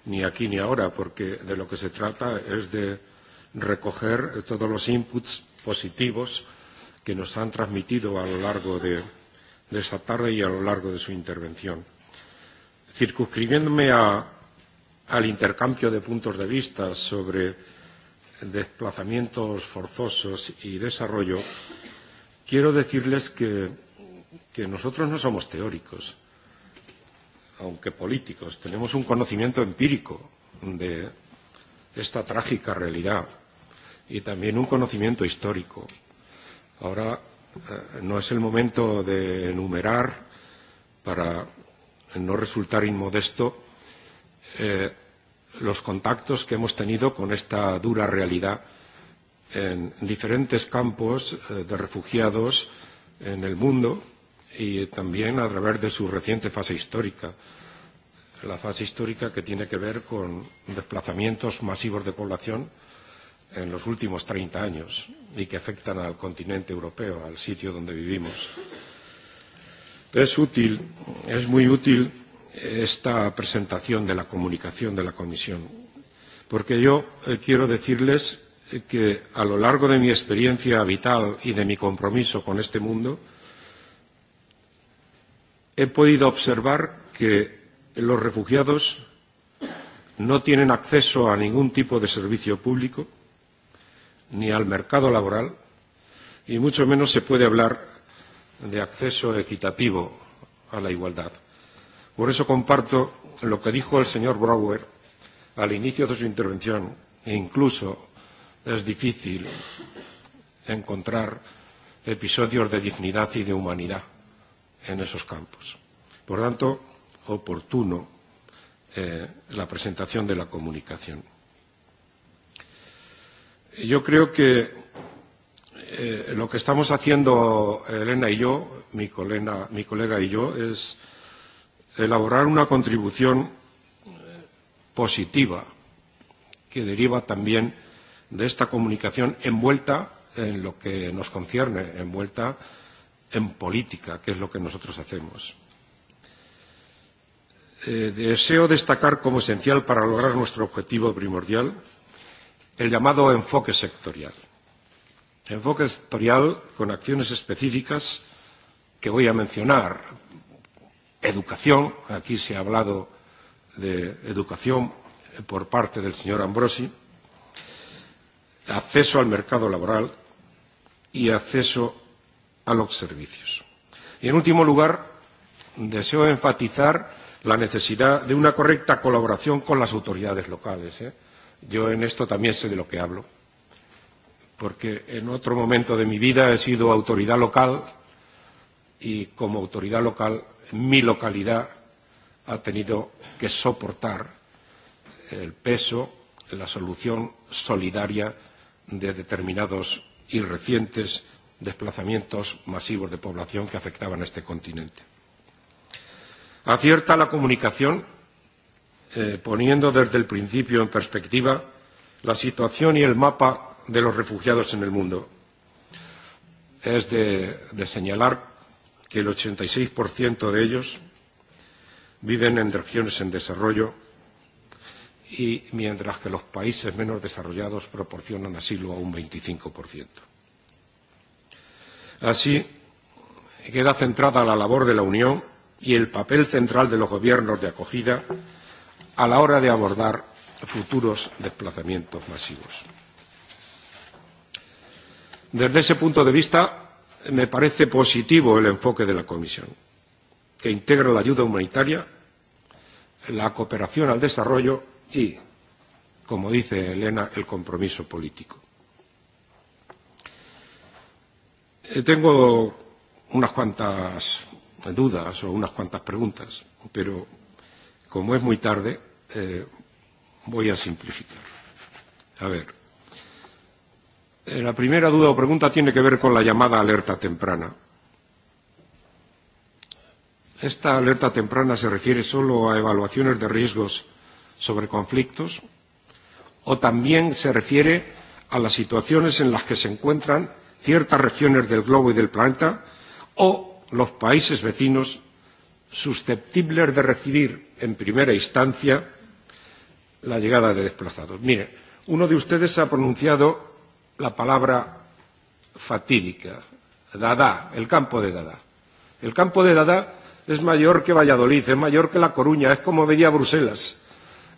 ni aquí ni ahora, porque de lo que se trata es de recoger todos los inputs positivos que nos han transmitido a lo largo de, de esta tarde y a lo largo de su intervención. Circunscribiéndome a, al intercambio de puntos de vista sobre desplazamientos forzosos y desarrollo, quiero decirles que, que nosotros no somos teóricos, aunque políticos. Tenemos un conocimiento empírico de, esta trágica realidad y también un conocimiento histórico. Ahora eh, no es el momento de enumerar, para no resultar inmodesto, eh, los contactos que hemos tenido con esta dura realidad en diferentes campos eh, de refugiados en el mundo y también a través de su reciente fase histórica la fase histórica que tiene que ver con desplazamientos masivos de población en los últimos 30 años y que afectan al continente europeo, al sitio donde vivimos. Es útil, es muy útil esta presentación de la comunicación de la Comisión, porque yo eh, quiero decirles que a lo largo de mi experiencia vital y de mi compromiso con este mundo, he podido observar que los refugiados no tienen acceso a ningún tipo de servicio público, ni al mercado laboral, y mucho menos se puede hablar de acceso equitativo a la igualdad. Por eso comparto lo que dijo el señor Brouwer al inicio de su intervención, e incluso es difícil encontrar episodios de dignidad y de humanidad en esos campos. Por tanto, oportuno eh, la presentación de la comunicación. Yo creo que eh, lo que estamos haciendo Elena y yo, mi colega, mi colega y yo, es elaborar una contribución eh, positiva que deriva también de esta comunicación envuelta en lo que nos concierne, envuelta en política, que es lo que nosotros hacemos. Eh, deseo destacar como esencial para lograr nuestro objetivo primordial el llamado enfoque sectorial. Enfoque sectorial con acciones específicas que voy a mencionar. Educación, aquí se ha hablado de educación por parte del señor Ambrosi, acceso al mercado laboral y acceso a los servicios. Y en último lugar, deseo enfatizar la necesidad de una correcta colaboración con las autoridades locales. ¿eh? Yo en esto también sé de lo que hablo, porque en otro momento de mi vida he sido autoridad local y como autoridad local mi localidad ha tenido que soportar el peso, la solución solidaria de determinados y recientes desplazamientos masivos de población que afectaban a este continente. Acierta la comunicación, eh, poniendo desde el principio en perspectiva la situación y el mapa de los refugiados en el mundo. Es de, de señalar que el 86% de ellos viven en regiones en desarrollo y mientras que los países menos desarrollados proporcionan asilo a un 25%. Así, queda centrada la labor de la Unión y el papel central de los gobiernos de acogida a la hora de abordar futuros desplazamientos masivos. Desde ese punto de vista, me parece positivo el enfoque de la Comisión, que integra la ayuda humanitaria, la cooperación al desarrollo y, como dice Elena, el compromiso político. Eh, tengo unas cuantas Eh, dudas o unas cuantas preguntas, pero como es muy tarde, eh, voy a simplificar. A ver, eh, la primera duda o pregunta tiene que ver con la llamada alerta temprana. Esta alerta temprana se refiere solo a evaluaciones de riesgos sobre conflictos o también se refiere a las situaciones en las que se encuentran ciertas regiones del globo y del planeta o los países vecinos susceptibles de recibir en primera instancia la llegada de desplazados. Mire, uno de ustedes ha pronunciado la palabra fatídica, Dada, el campo de Dada. El campo de Dada es mayor que Valladolid, es mayor que La Coruña, es como veía Bruselas.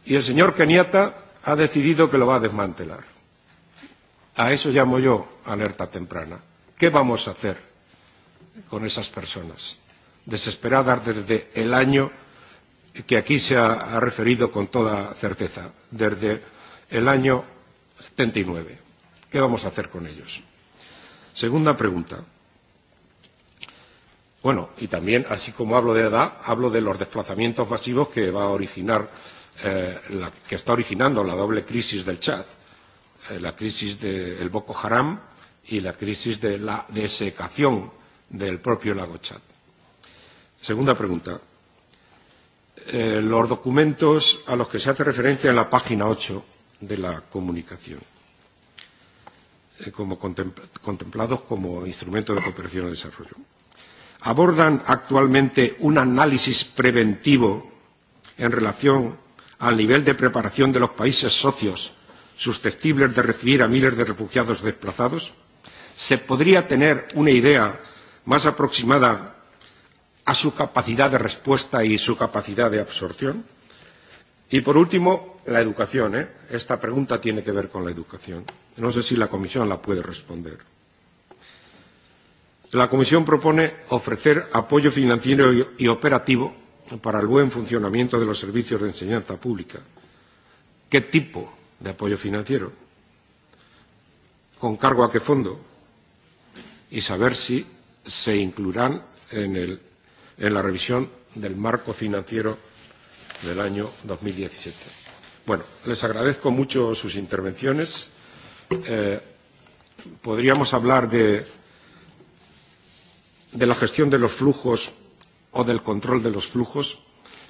Y el señor Keniata ha decidido que lo va a desmantelar. A eso llamo yo alerta temprana. ¿Qué vamos a hacer? con esas personas, desesperadas desde el año que aquí se ha, ha referido con toda certeza, desde el año 79. ¿Qué vamos a hacer con ellos? Segunda pregunta. Bueno, y también, así como hablo de edad, hablo de los desplazamientos masivos que va a originar, eh, la, que está originando la doble crisis del Chad, eh, la crisis del de Boko Haram y la crisis de la desecación del propio lago Chad. Segunda pregunta. Eh, los documentos a los que se hace referencia en la página 8 de la comunicación, eh, como contempl contemplados como instrumento de cooperación al desarrollo, abordan actualmente un análisis preventivo en relación al nivel de preparación de los países socios susceptibles de recibir a miles de refugiados desplazados? ¿Se podría tener una idea más aproximada a su capacidad de respuesta y su capacidad de absorción. Y por último, la educación. ¿eh? Esta pregunta tiene que ver con la educación. No sé si la Comisión la puede responder. La Comisión propone ofrecer apoyo financiero y operativo para el buen funcionamiento de los servicios de enseñanza pública. ¿Qué tipo de apoyo financiero? ¿Con cargo a qué fondo? Y saber si se incluirán en, el, en la revisión del marco financiero del año 2017. Bueno, les agradezco mucho sus intervenciones. Eh, podríamos hablar de, de la gestión de los flujos o del control de los flujos,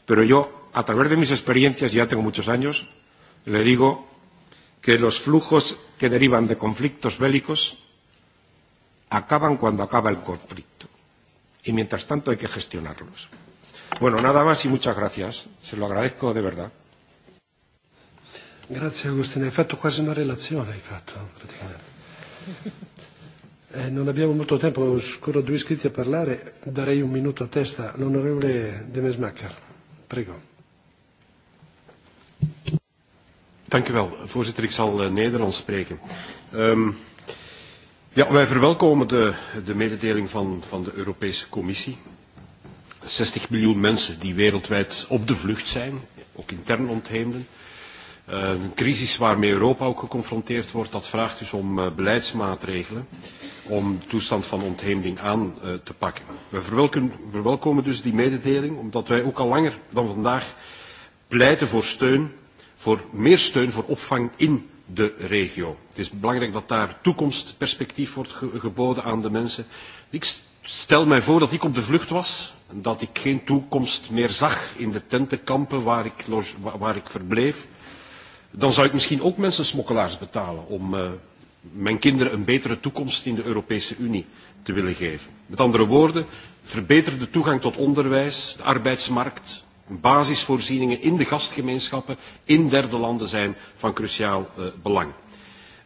pero yo, a través de mis experiencias, ya tengo muchos años, le digo que los flujos que derivan de conflictos bélicos acaban cuando acaba el conflicto. Y mientras tanto hay que gestionarlos. Bueno, nada más y muchas gracias. Se lo agradezco de verdad. Grazie Agostino, hai fatto quasi una relazione, hai fatto praticamente. [LAUGHS] Eh, non abbiamo molto tempo, scorro due iscritti a parlare, darei un minuto a testa. all'onorevole De Mesmacher, prego. Dank u wel, voorzitter. Ik zal uh, Nederlands spreken. Um, Ja, wij verwelkomen de, de mededeling van, van de Europese Commissie. 60 miljoen mensen die wereldwijd op de vlucht zijn, ook intern ontheemden. Eh, een crisis waarmee Europa ook geconfronteerd wordt, dat vraagt dus om eh, beleidsmaatregelen om de toestand van ontheemding aan eh, te pakken. We verwelkomen dus die mededeling omdat wij ook al langer dan vandaag pleiten voor steun, voor meer steun voor opvang in de regio. Het is belangrijk dat daar toekomstperspectief wordt ge geboden aan de mensen. Ik stel mij voor dat ik op de vlucht was, dat ik geen toekomst meer zag in de tentenkampen waar ik, waar ik verbleef. Dan zou ik misschien ook mensen smokkelaars betalen om uh, mijn kinderen een betere toekomst in de Europese Unie te willen geven. Met andere woorden, verbeter de toegang tot onderwijs, de arbeidsmarkt, basisvoorzieningen in de gastgemeenschappen in derde landen zijn van cruciaal uh, belang.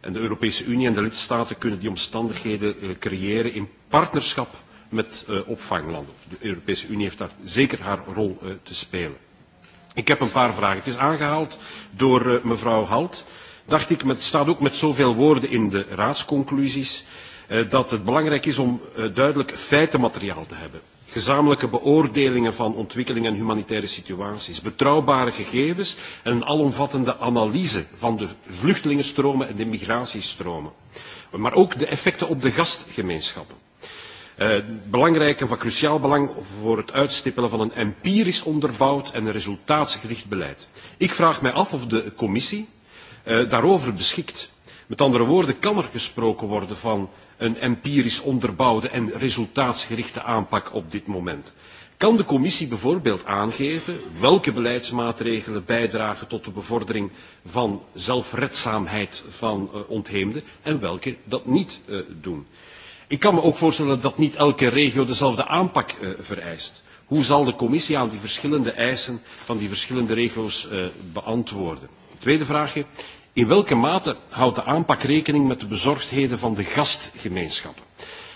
En de Europese Unie en de lidstaten kunnen die omstandigheden uh, creëren in partnerschap met uh, opvanglanden. De Europese Unie heeft daar zeker haar rol uh, te spelen. Ik heb een paar vragen. Het is aangehaald door uh, mevrouw Halt. Dacht ik, het staat ook met zoveel woorden in de raadsconclusies, uh, dat het belangrijk is om uh, duidelijk feitenmateriaal te hebben gezamenlijke beoordelingen van ontwikkeling en humanitaire situaties, betrouwbare gegevens en een alomvattende analyse van de vluchtelingenstromen en de migratiestromen. Maar ook de effecten op de gastgemeenschappen. Uh, eh, belangrijk en van cruciaal belang voor het uitstippelen van een empirisch onderbouwd en resultaatsgericht beleid. Ik vraag mij af of de commissie uh, daarover beschikt. Met andere woorden, kan er gesproken worden van een empirisch onderbouwde en resultaatsgerichte aanpak op dit moment. Kan de commissie bijvoorbeeld aangeven welke beleidsmaatregelen bijdragen tot de bevordering van zelfredzaamheid van uh, ontheemden en welke dat niet uh, doen? Ik kan me ook voorstellen dat niet elke regio dezelfde aanpak uh, vereist. Hoe zal de commissie aan die verschillende eisen van die verschillende regio's uh, beantwoorden? Tweede vraagje. In welke mate houdt de aanpak rekening met de bezorgdheden van de gastgemeenschappen?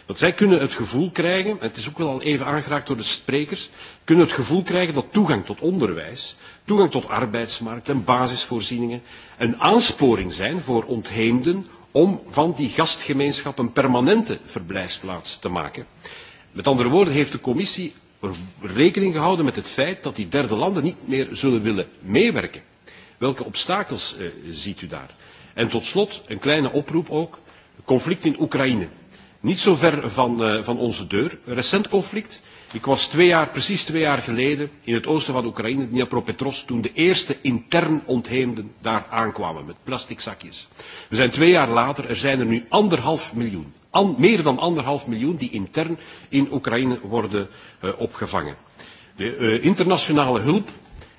Want zij kunnen het gevoel krijgen, het is ook wel al even aangeraakt door de sprekers, kunnen het gevoel krijgen dat toegang tot onderwijs, toegang tot arbeidsmarkt en basisvoorzieningen een aansporing zijn voor ontheemden om van die gastgemeenschap een permanente verblijfsplaats te maken. Met andere woorden heeft de commissie er rekening gehouden met het feit dat die derde landen niet meer zullen willen meewerken Welke obstakels uh, ziet u daar? En tot slot een kleine oproep ook. Conflict in Oekraïne. Niet zo ver van, uh, van onze deur. Een recent conflict. Ik was twee jaar, precies twee jaar geleden in het oosten van Oekraïne, Dniapropetrovsk, toen de eerste intern ontheemden daar aankwamen met plastic zakjes. We zijn twee jaar later, er zijn er nu anderhalf miljoen, an, meer dan anderhalf miljoen die intern in Oekraïne worden uh, opgevangen. De uh, internationale hulp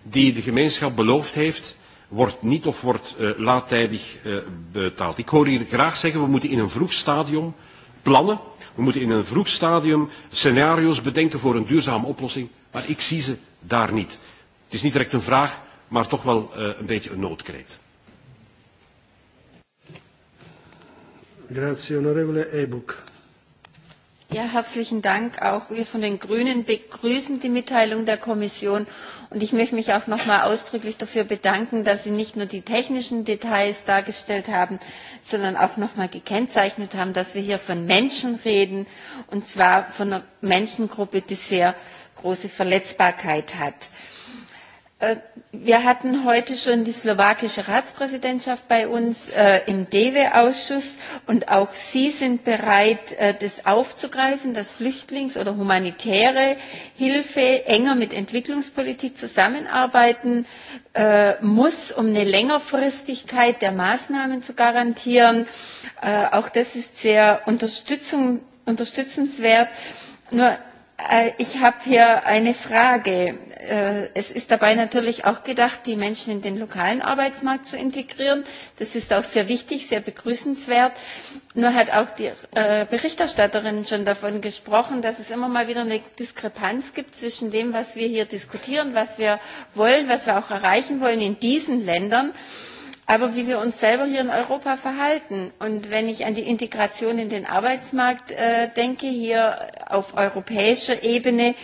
die de gemeenschap beloofd heeft, wordt niet of wordt uh, eh, laattijdig uh, eh, betaald. Ik hoor hier graag zeggen, we moeten in een vroeg stadium plannen, we moeten in een vroeg stadium scenario's bedenken voor een duurzame oplossing, maar ik zie ze daar niet. Het is niet direct een vraag, maar toch wel uh, een beetje een noodkreet. Grazie, onorevole Ebuk. Ja, herzlichen Dank. Auch wir von den Grünen begrüßen die Mitteilung der Kommission. Und ich möchte mich auch nochmal ausdrücklich dafür bedanken, dass Sie nicht nur die technischen Details dargestellt haben, sondern auch nochmal gekennzeichnet haben, dass wir hier von Menschen reden, und zwar von einer Menschengruppe, die sehr große Verletzbarkeit hat. Äh, wir hatten heute schon die slowakische Ratspräsidentschaft bei uns äh, im DEWE-Ausschuss und auch Sie sind bereit, äh, das aufzugreifen, dass Flüchtlings- oder humanitäre Hilfe enger mit Entwicklungspolitik zusammenarbeiten äh, muss, um eine Längerfristigkeit der Maßnahmen zu garantieren. Äh, auch das ist sehr unterstützenswert. Nur Äh, ich habe hier eine Frage. Äh, es ist dabei natürlich auch gedacht, die Menschen in den lokalen Arbeitsmarkt zu integrieren. Das ist auch sehr wichtig, sehr begrüßenswert. Nur hat auch die äh, Berichterstatterin schon davon gesprochen, dass es immer mal wieder eine Diskrepanz gibt zwischen dem, was wir hier diskutieren, was wir wollen, was wir auch erreichen wollen in diesen Ländern aber wie wir uns selber hier in Europa verhalten. Und wenn ich an die Integration in den Arbeitsmarkt äh, denke, hier auf europäischer Ebene,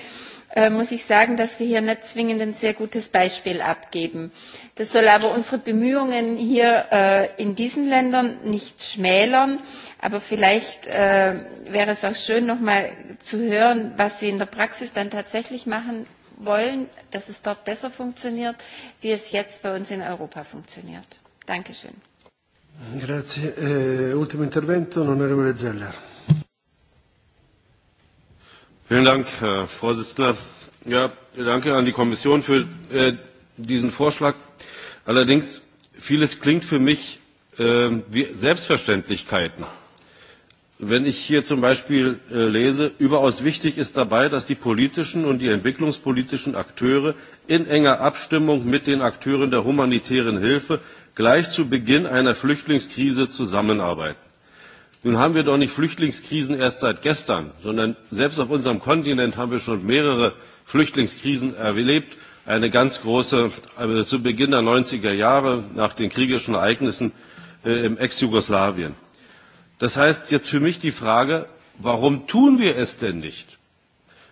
äh, muss ich sagen, dass wir hier nicht zwingend ein sehr gutes Beispiel abgeben. Das soll aber unsere Bemühungen hier äh, in diesen Ländern nicht schmälern, aber vielleicht äh, wäre es auch schön, nochmal zu hören, was Sie in der Praxis dann tatsächlich machen wollen, dass es dort besser funktioniert, wie es jetzt bei uns in Europa funktioniert. Dankeschön. Grazie. Eh, ultimo intervento, l'onorevole Zeller. Vielen Dank, Herr Vorsitzender. Ja, danke an die Kommission für äh, diesen Vorschlag. Allerdings, vieles klingt für mich äh, wie Selbstverständlichkeiten. Wenn ich hier zum Beispiel äh, lese, überaus wichtig ist dabei, dass die politischen und die entwicklungspolitischen Akteure in enger Abstimmung mit den Akteuren der humanitären Hilfe gleich zu Beginn einer Flüchtlingskrise zusammenarbeiten. Nun haben wir doch nicht Flüchtlingskrisen erst seit gestern, sondern selbst auf unserem Kontinent haben wir schon mehrere Flüchtlingskrisen erlebt. Eine ganz große also zu Beginn der 90er Jahre nach den kriegerischen Ereignissen äh, im Ex-Jugoslawien. Das heißt jetzt für mich die Frage, warum tun wir es denn nicht?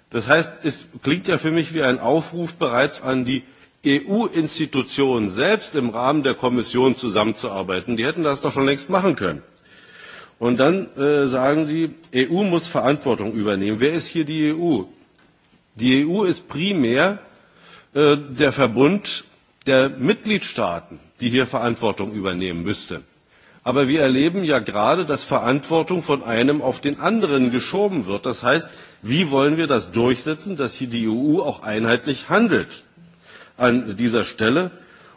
Das heißt, es klingt ja für mich wie ein Aufruf bereits an die EU-Institutionen selbst im Rahmen der Kommission zusammenzuarbeiten. Die hätten das doch schon längst machen können. Und dann äh, sagen Sie, EU muss Verantwortung übernehmen. Wer ist hier die EU? Die EU ist primär äh, der Verbund der Mitgliedstaaten, die hier Verantwortung übernehmen müsste. Aber wir erleben ja gerade, dass Verantwortung von einem auf den anderen geschoben wird. Das heißt, wie wollen wir das durchsetzen, dass hier die EU auch einheitlich handelt? an dieser Stelle.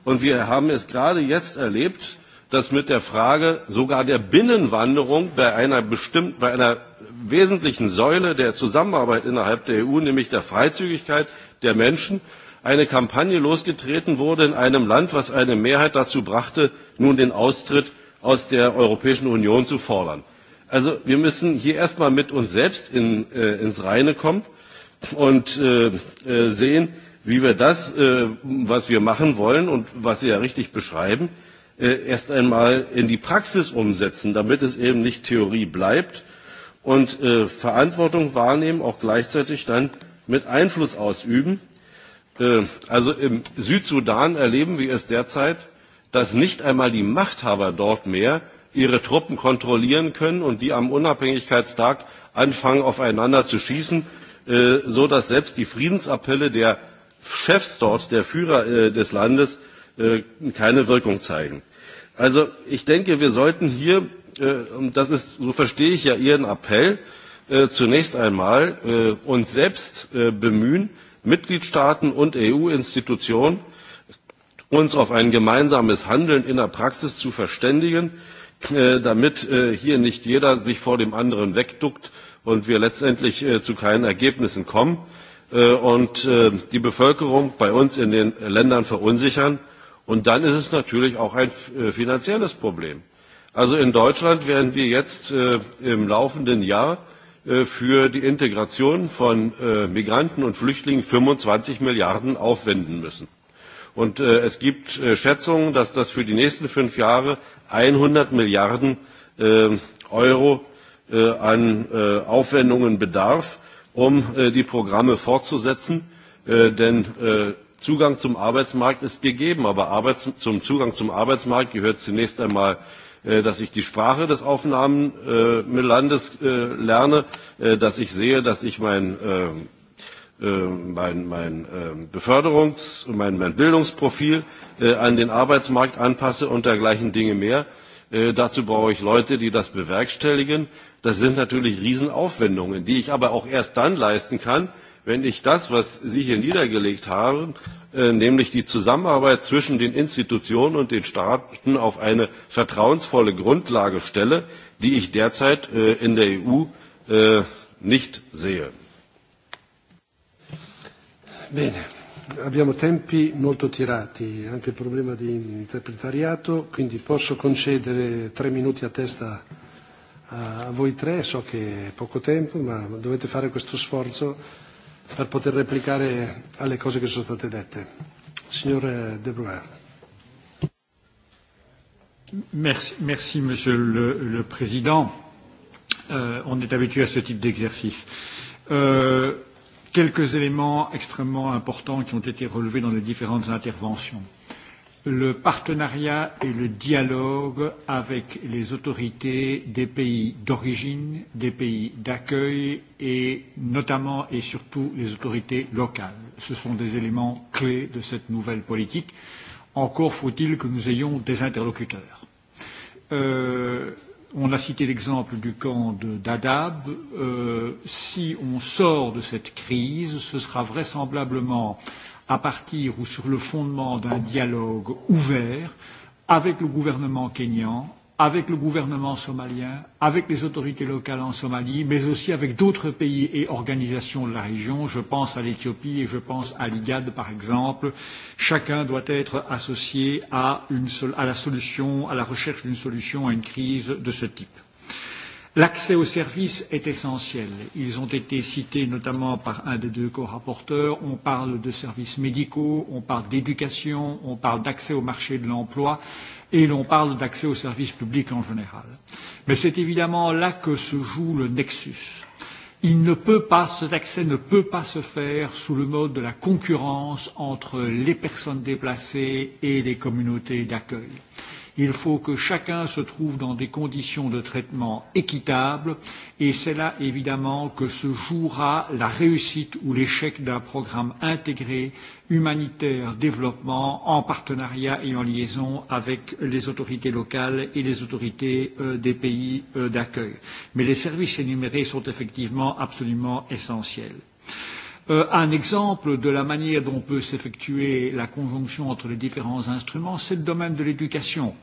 Und wir haben es gerade jetzt erlebt, dass mit der Frage sogar der Binnenwanderung bei einer bestimmten, bei einer wesentlichen Säule der Zusammenarbeit innerhalb der EU, nämlich der Freizügigkeit der Menschen, eine Kampagne losgetreten wurde in einem Land, was eine Mehrheit dazu brachte, nun den Austritt aus der Europäischen Union zu fordern. Also wir müssen hier erstmal mit uns selbst in, äh, ins Reine kommen und äh, äh, sehen, wie wir das, äh, was wir machen wollen und was Sie ja richtig beschreiben, äh, erst einmal in die Praxis umsetzen, damit es eben nicht Theorie bleibt und äh, Verantwortung wahrnehmen, auch gleichzeitig dann mit Einfluss ausüben. Äh, also im Südsudan erleben wir es derzeit, dass nicht einmal die Machthaber dort mehr ihre Truppen kontrollieren können und die am Unabhängigkeitstag anfangen, aufeinander zu schießen, äh, so dass selbst die Friedensappelle der Chefs dort, der Führer äh, des Landes, äh, keine Wirkung zeigen. Also ich denke, wir sollten hier, äh, und das ist, so verstehe ich ja Ihren Appell, äh, zunächst einmal äh, uns selbst äh, bemühen, Mitgliedstaaten und EU-Institutionen uns auf ein gemeinsames Handeln in der Praxis zu verständigen, äh, damit äh, hier nicht jeder sich vor dem anderen wegduckt und wir letztendlich äh, zu keinen Ergebnissen kommen. Äh, und äh, die Bevölkerung bei uns in den Ländern verunsichern. Und dann ist es natürlich auch ein äh, finanzielles Problem. Also in Deutschland werden wir jetzt im laufenden Jahr für die Integration von Migranten und Flüchtlingen 25 Milliarden aufwenden müssen. Und es gibt Schätzungen, dass das für die nächsten fünf Jahre 100 Milliarden Euro an Aufwendungen bedarf um äh, die Programme fortzusetzen, äh, denn äh, Zugang zum Arbeitsmarkt ist gegeben, aber Arbeits zum Zugang zum Arbeitsmarkt gehört zunächst einmal äh, dass ich die Sprache des Aufnahmelandes äh, lerne, äh, dass ich sehe, dass ich mein Ähm, mein, mein Beförderungs- ähm, Beförderungs-, mein, mein Bildungsprofil äh, an den Arbeitsmarkt anpasse und dergleichen Dinge mehr. Äh, dazu brauche ich Leute, die das bewerkstelligen. Das sind natürlich Riesenaufwendungen, die ich aber auch erst dann leisten kann, wenn ich das, was Sie hier niedergelegt haben, äh, nämlich die Zusammenarbeit zwischen den Institutionen und den Staaten auf eine vertrauensvolle Grundlage stelle, die ich derzeit äh, in der EU äh, nicht sehe. Bene, abbiamo tempi molto tirati, anche il problema di interpretariato, quindi posso concedere tre minuti a testa a voi tre, so che è poco tempo, ma dovete fare questo sforzo per poter replicare alle cose che sono state dette. Signor De Bruyne. Merci, merci Monsieur le, le Président. Euh, on est habitué à ce type d'exercice. Euh, quelques éléments extrêmement importants qui ont été relevés dans les différentes interventions. Le partenariat et le dialogue avec les autorités des pays d'origine, des pays d'accueil et notamment et surtout les autorités locales. Ce sont des éléments clés de cette nouvelle politique. Encore faut-il que nous ayons des interlocuteurs. Euh, On a cité l'exemple du camp d'Adab. Euh, si on sort de cette crise, ce sera vraisemblablement à partir ou sur le fondement d'un dialogue ouvert avec le gouvernement kényan, avec le gouvernement somalien, avec les autorités locales en Somalie, mais aussi avec d'autres pays et organisations de la région. Je pense à l'Éthiopie et je pense à l'IGAD, par exemple. Chacun doit être associé à, une, à la solution, à la recherche d'une solution à une crise de ce type. L'accès aux services est essentiel. Ils ont été cités notamment par un des deux co-rapporteurs. On parle de services médicaux, on parle d'éducation, on parle d'accès au marché de l'emploi et l'on parle d'accès aux services publics en général. Mais c'est évidemment là que se joue le nexus. Il ne peut pas, cet accès ne peut pas se faire sous le mode de la concurrence entre les personnes déplacées et les communautés d'accueil. Il faut que chacun se trouve dans des conditions de traitement équitables et c'est là évidemment que se jouera la réussite ou l'échec d'un programme intégré humanitaire développement en partenariat et en liaison avec les autorités locales et les autorités euh, des pays euh, d'accueil. Mais les services énumérés sont effectivement absolument essentiels. Euh, un exemple de la manière dont peut s'effectuer la conjonction entre les différents instruments, c'est le domaine de l'éducation.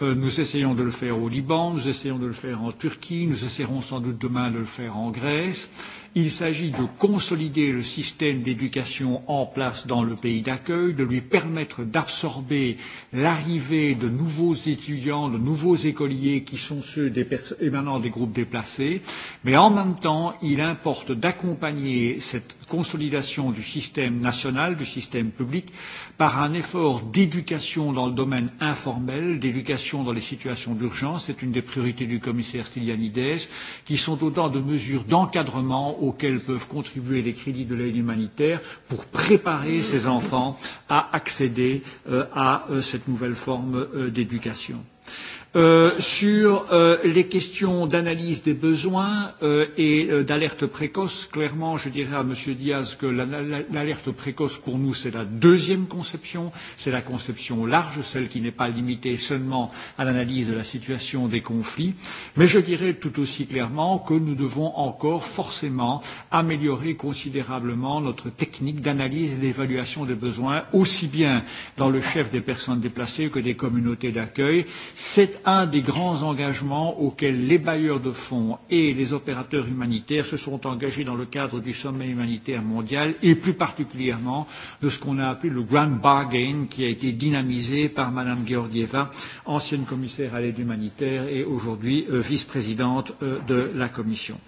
Euh, nous essayons de le faire au Liban, nous essayons de le faire en Turquie, nous essaierons sans doute demain de le faire en Grèce. Il s'agit de consolider le système d'éducation en place dans le pays d'accueil, de lui permettre d'absorber l'arrivée de nouveaux étudiants, de nouveaux écoliers qui sont ceux des émanant des groupes déplacés, mais en même temps, il importe d'accompagner cette consolidation du système national, du système public, par un effort d'éducation dans le domaine informel, d'éducation dans les situations d'urgence, c'est une des priorités du commissaire Stylianides, qui sont autant de mesures d'encadrement auxquels peuvent contribuer les crédits de l'aide humanitaire pour préparer ces enfants à accéder euh, à euh, cette nouvelle forme euh, d'éducation. Euh, sur euh, les questions d'analyse des besoins euh, et euh, d'alerte précoce, clairement, je dirais à M. Diaz que l'alerte précoce, pour nous, c'est la deuxième conception. C'est la conception large, celle qui n'est pas limitée seulement à l'analyse de la situation des conflits. Mais je dirais tout aussi clairement que nous devons encore forcément améliorer considérablement notre technique d'analyse et d'évaluation des besoins, aussi bien dans le chef des personnes déplacées que des communautés d'accueil. C'est un des grands engagements auxquels les bailleurs de fonds et les opérateurs humanitaires se sont engagés dans le cadre du sommet humanitaire mondial et plus particulièrement de ce qu'on a appelé le Grand Bargain qui a été dynamisé par Madame Georgieva, ancienne commissaire à l'aide humanitaire et aujourd'hui euh, vice-présidente euh, de la Commission.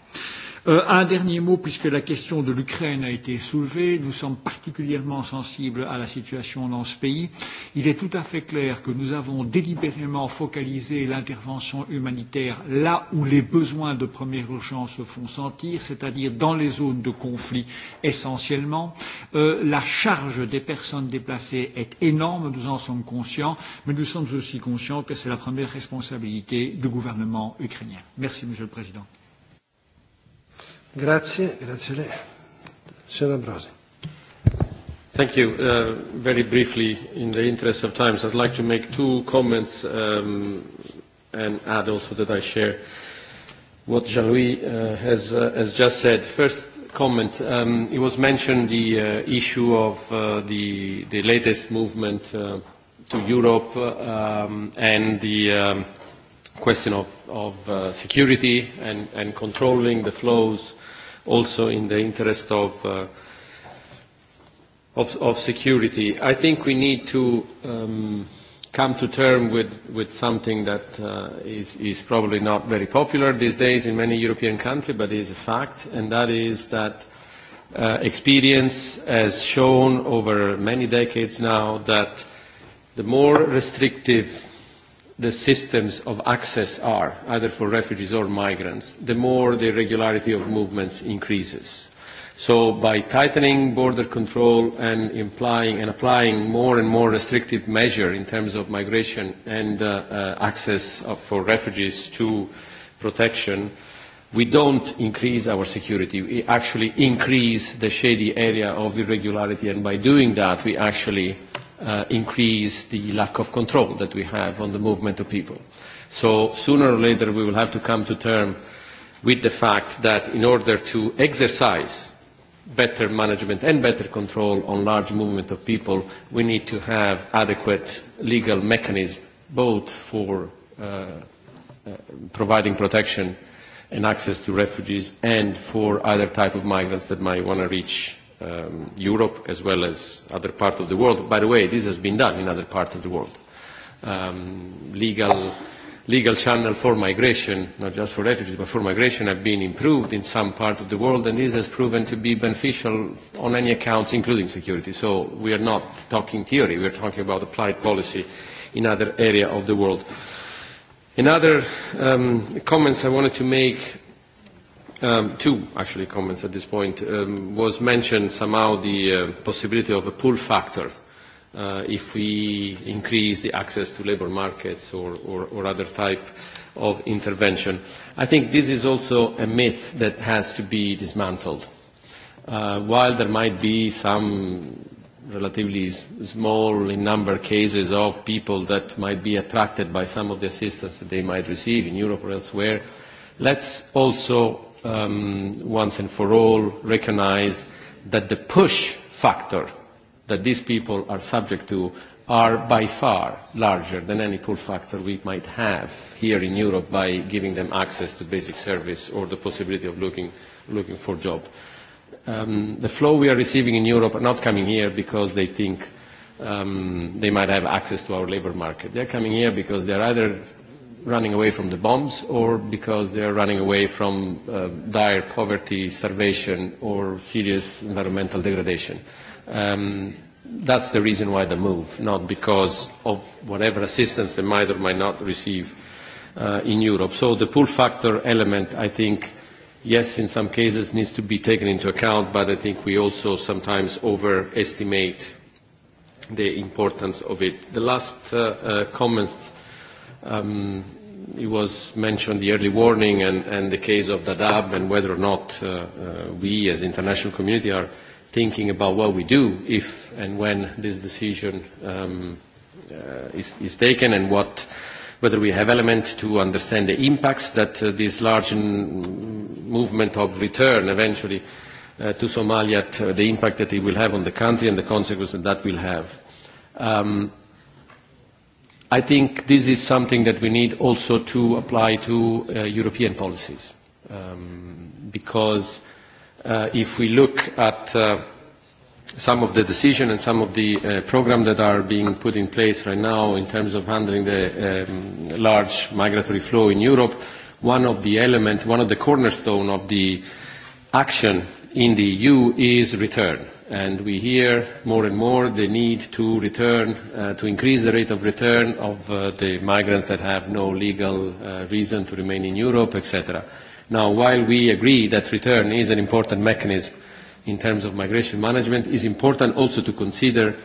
Euh, un dernier mot, puisque la question de l'Ukraine a été soulevée, nous sommes particulièrement sensibles à la situation dans ce pays. Il est tout à fait clair que nous avons délibérément focalisé l'intervention humanitaire là où les besoins de première urgence se font sentir, c'est-à-dire dans les zones de conflit essentiellement. Euh, la charge des personnes déplacées est énorme, nous en sommes conscients, mais nous sommes aussi conscients que c'est la première responsabilité du gouvernement ukrainien. Merci, Monsieur le Président. Grazie, grazie lei. Signora Brosi. Thank you. Uh, very briefly, in the interest of time, so I'd like to make two comments um, and add also that I share what Jean-Louis uh, has, uh, has just said. First comment, um, it was mentioned the uh, issue of uh, the, the latest movement uh, to Europe uh, um, and the um, question of, of uh, security and, and controlling the flows also in the interest of, uh, of, of security. I think we need to um, come to term with, with something that uh, is, is probably not very popular these days in many European countries, but is a fact, and that is that uh, experience has shown over many decades now that the more restrictive the systems of access are, either for refugees or migrants, the more the irregularity of movements increases. So by tightening border control and implying and applying more and more restrictive measure in terms of migration and uh, uh, access of, for refugees to protection, we don't increase our security. We actually increase the shady area of irregularity, and by doing that, we actually uh, increase the lack of control that we have on the movement of people. So sooner or later we will have to come to term with the fact that in order to exercise better management and better control on large movement of people, we need to have adequate legal mechanism both for uh, uh, providing protection and access to refugees and for other type of migrants that might want to reach um, Europe as well as other parts of the world. By the way, this has been done in other parts of the world. Um, legal, legal channel for migration, not just for refugees, but for migration have been improved in some part of the world, and this has proven to be beneficial on any accounts, including security. So we are not talking theory, we are talking about applied policy in other area of the world. Another um, comments I wanted to make um, two actually comments at this point, um, was mentioned somehow the uh, possibility of a pull factor uh, if we increase the access to labor markets or, or, or other type of intervention. I think this is also a myth that has to be dismantled. Uh, while there might be some relatively small in number cases of people that might be attracted by some of the assistance that they might receive in Europe or elsewhere, let's also um, once and for all recognize that the push factor that these people are subject to are by far larger than any pull factor we might have here in Europe by giving them access to basic service or the possibility of looking, looking for job. Um, the flow we are receiving in Europe are not coming here because they think um, they might have access to our labor market. They're coming here because they're either running away from the bombs or because they are running away from uh, dire poverty, starvation or serious environmental degradation. Um, that's the reason why they move, not because of whatever assistance they might or might not receive uh, in Europe. So the pull factor element, I think, yes, in some cases needs to be taken into account, but I think we also sometimes overestimate the importance of it. The last uh, uh, comments um, it was mentioned the early warning and, and the case of Dadaab and whether or not uh, uh, we as international community are thinking about what we do if and when this decision um, uh, is, is taken and what, whether we have element to understand the impacts that uh, this large movement of return eventually uh, to Somalia, uh, the impact that it will have on the country and the consequences that, that will have. Um, I think this is something that we need also to apply to uh, European policies. Um, because uh, if we look at uh, some of the decision and some of the uh, program that are being put in place right now in terms of handling the um, large migratory flow in Europe, one of the elements, one of the cornerstone of the action in the EU is return. And we hear more and more the need to return, uh, to increase the rate of return of uh, the migrants that have no legal uh, reason to remain in Europe, etc. Now, while we agree that return is an important mechanism in terms of migration management, it is important also to consider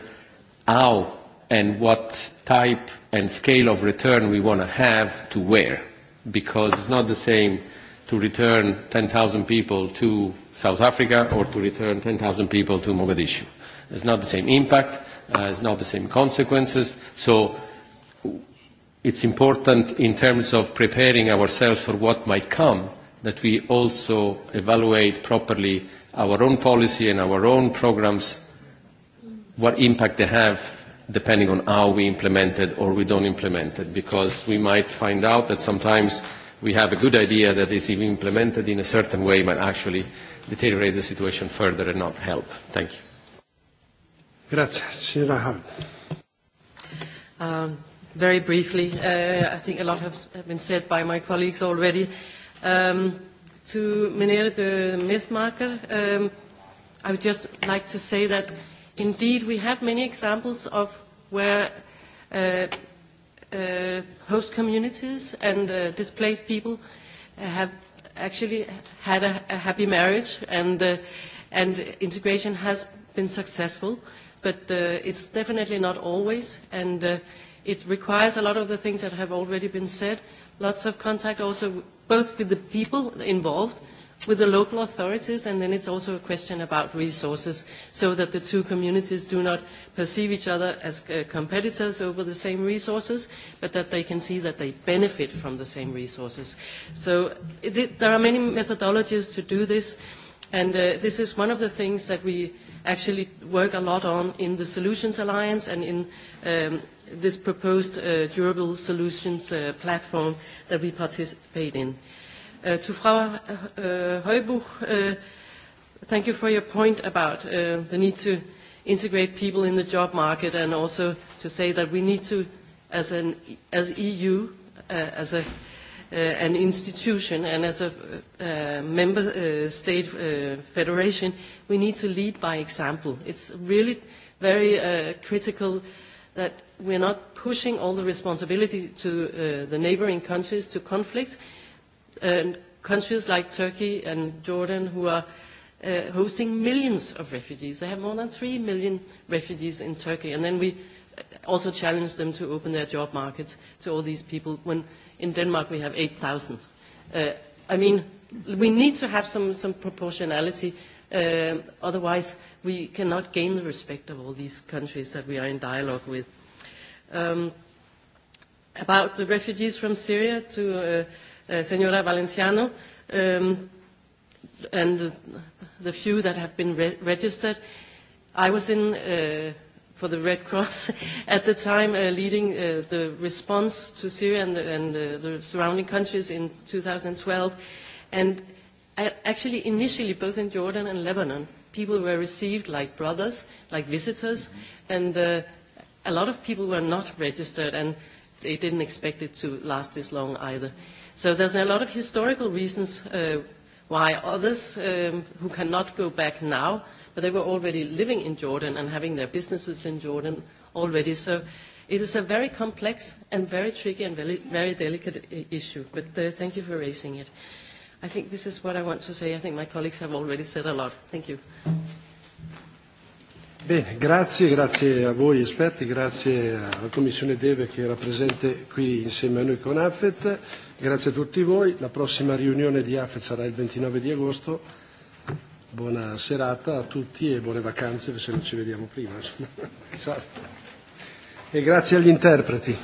how and what type and scale of return we want to have to where, because it's not the same – to return 10,000 people to South Africa or to return 10,000 people to Mogadishu. It's not the same impact, uh, it's not the same consequences, so it's important in terms of preparing ourselves for what might come that we also evaluate properly our own policy and our own programs, what impact they have depending on how we implement it or we don't implement it, because we might find out that sometimes we have a good idea that is even implemented in a certain way might actually deteriorate the situation further and not help. Thank you. Grazie. Um, very briefly, uh, I think a lot has been said by my colleagues already. Um, to Meneer de Mesmaker, um, I would just like to say that indeed we have many examples of where uh, uh, host communities and uh, displaced people have actually had a, a happy marriage and, uh, and integration has been successful, but uh, it's definitely not always, and uh, it requires a lot of the things that have already been said, lots of contact also both with the people involved with the local authorities, and then it's also a question about resources, so that the two communities do not perceive each other as uh, competitors over the same resources, but that they can see that they benefit from the same resources. So it, there are many methodologies to do this, and uh, this is one of the things that we actually work a lot on in the Solutions Alliance and in um, this proposed uh, durable solutions uh, platform that we participate in. Uh, to Frau uh, uh, Heubuch, uh, thank you for your point about uh, the need to integrate people in the job market and also to say that we need to, as an as EU, uh, as a, uh, an institution and as a uh, member uh, state uh, federation, we need to lead by example. It's really very uh, critical that we're not pushing all the responsibility to uh, the neighboring countries to conflicts, And uh, countries like Turkey and Jordan who are uh, hosting millions of refugees. They have more than three million refugees in Turkey. And then we uh, also challenge them to open their job markets to all these people when in Denmark we have 8,000. Uh, I mean, we need to have some, some proportionality. Uh, otherwise, we cannot gain the respect of all these countries that we are in dialogue with. Um, about the refugees from Syria to... Uh, Uh, Senora Valenciano, um, and the few that have been re registered. I was in, uh, for the Red Cross [LAUGHS] at the time, uh, leading uh, the response to Syria and, the, and uh, the surrounding countries in 2012. And I, actually, initially, both in Jordan and Lebanon, people were received like brothers, like visitors, and uh, a lot of people were not registered, and they didn't expect it to last this long either. Mm -hmm. So there's a lot of historical reasons uh, why others um, who cannot go back now, but they were already living in Jordan and having their businesses in Jordan already. So it is a very complex and very tricky and very, very delicate issue, but uh, thank you for raising it. I think this is what I want to say. I think my colleagues have already said a lot. Thank you. Bene, grazie, grazie a voi esperti, grazie alla Commissione Deve che era presente qui insieme a noi con AFET, grazie a tutti voi, la prossima riunione di AFET sarà il 29 di agosto, buona serata a tutti e buone vacanze se non ci vediamo prima. [LAUGHS] e grazie agli interpreti.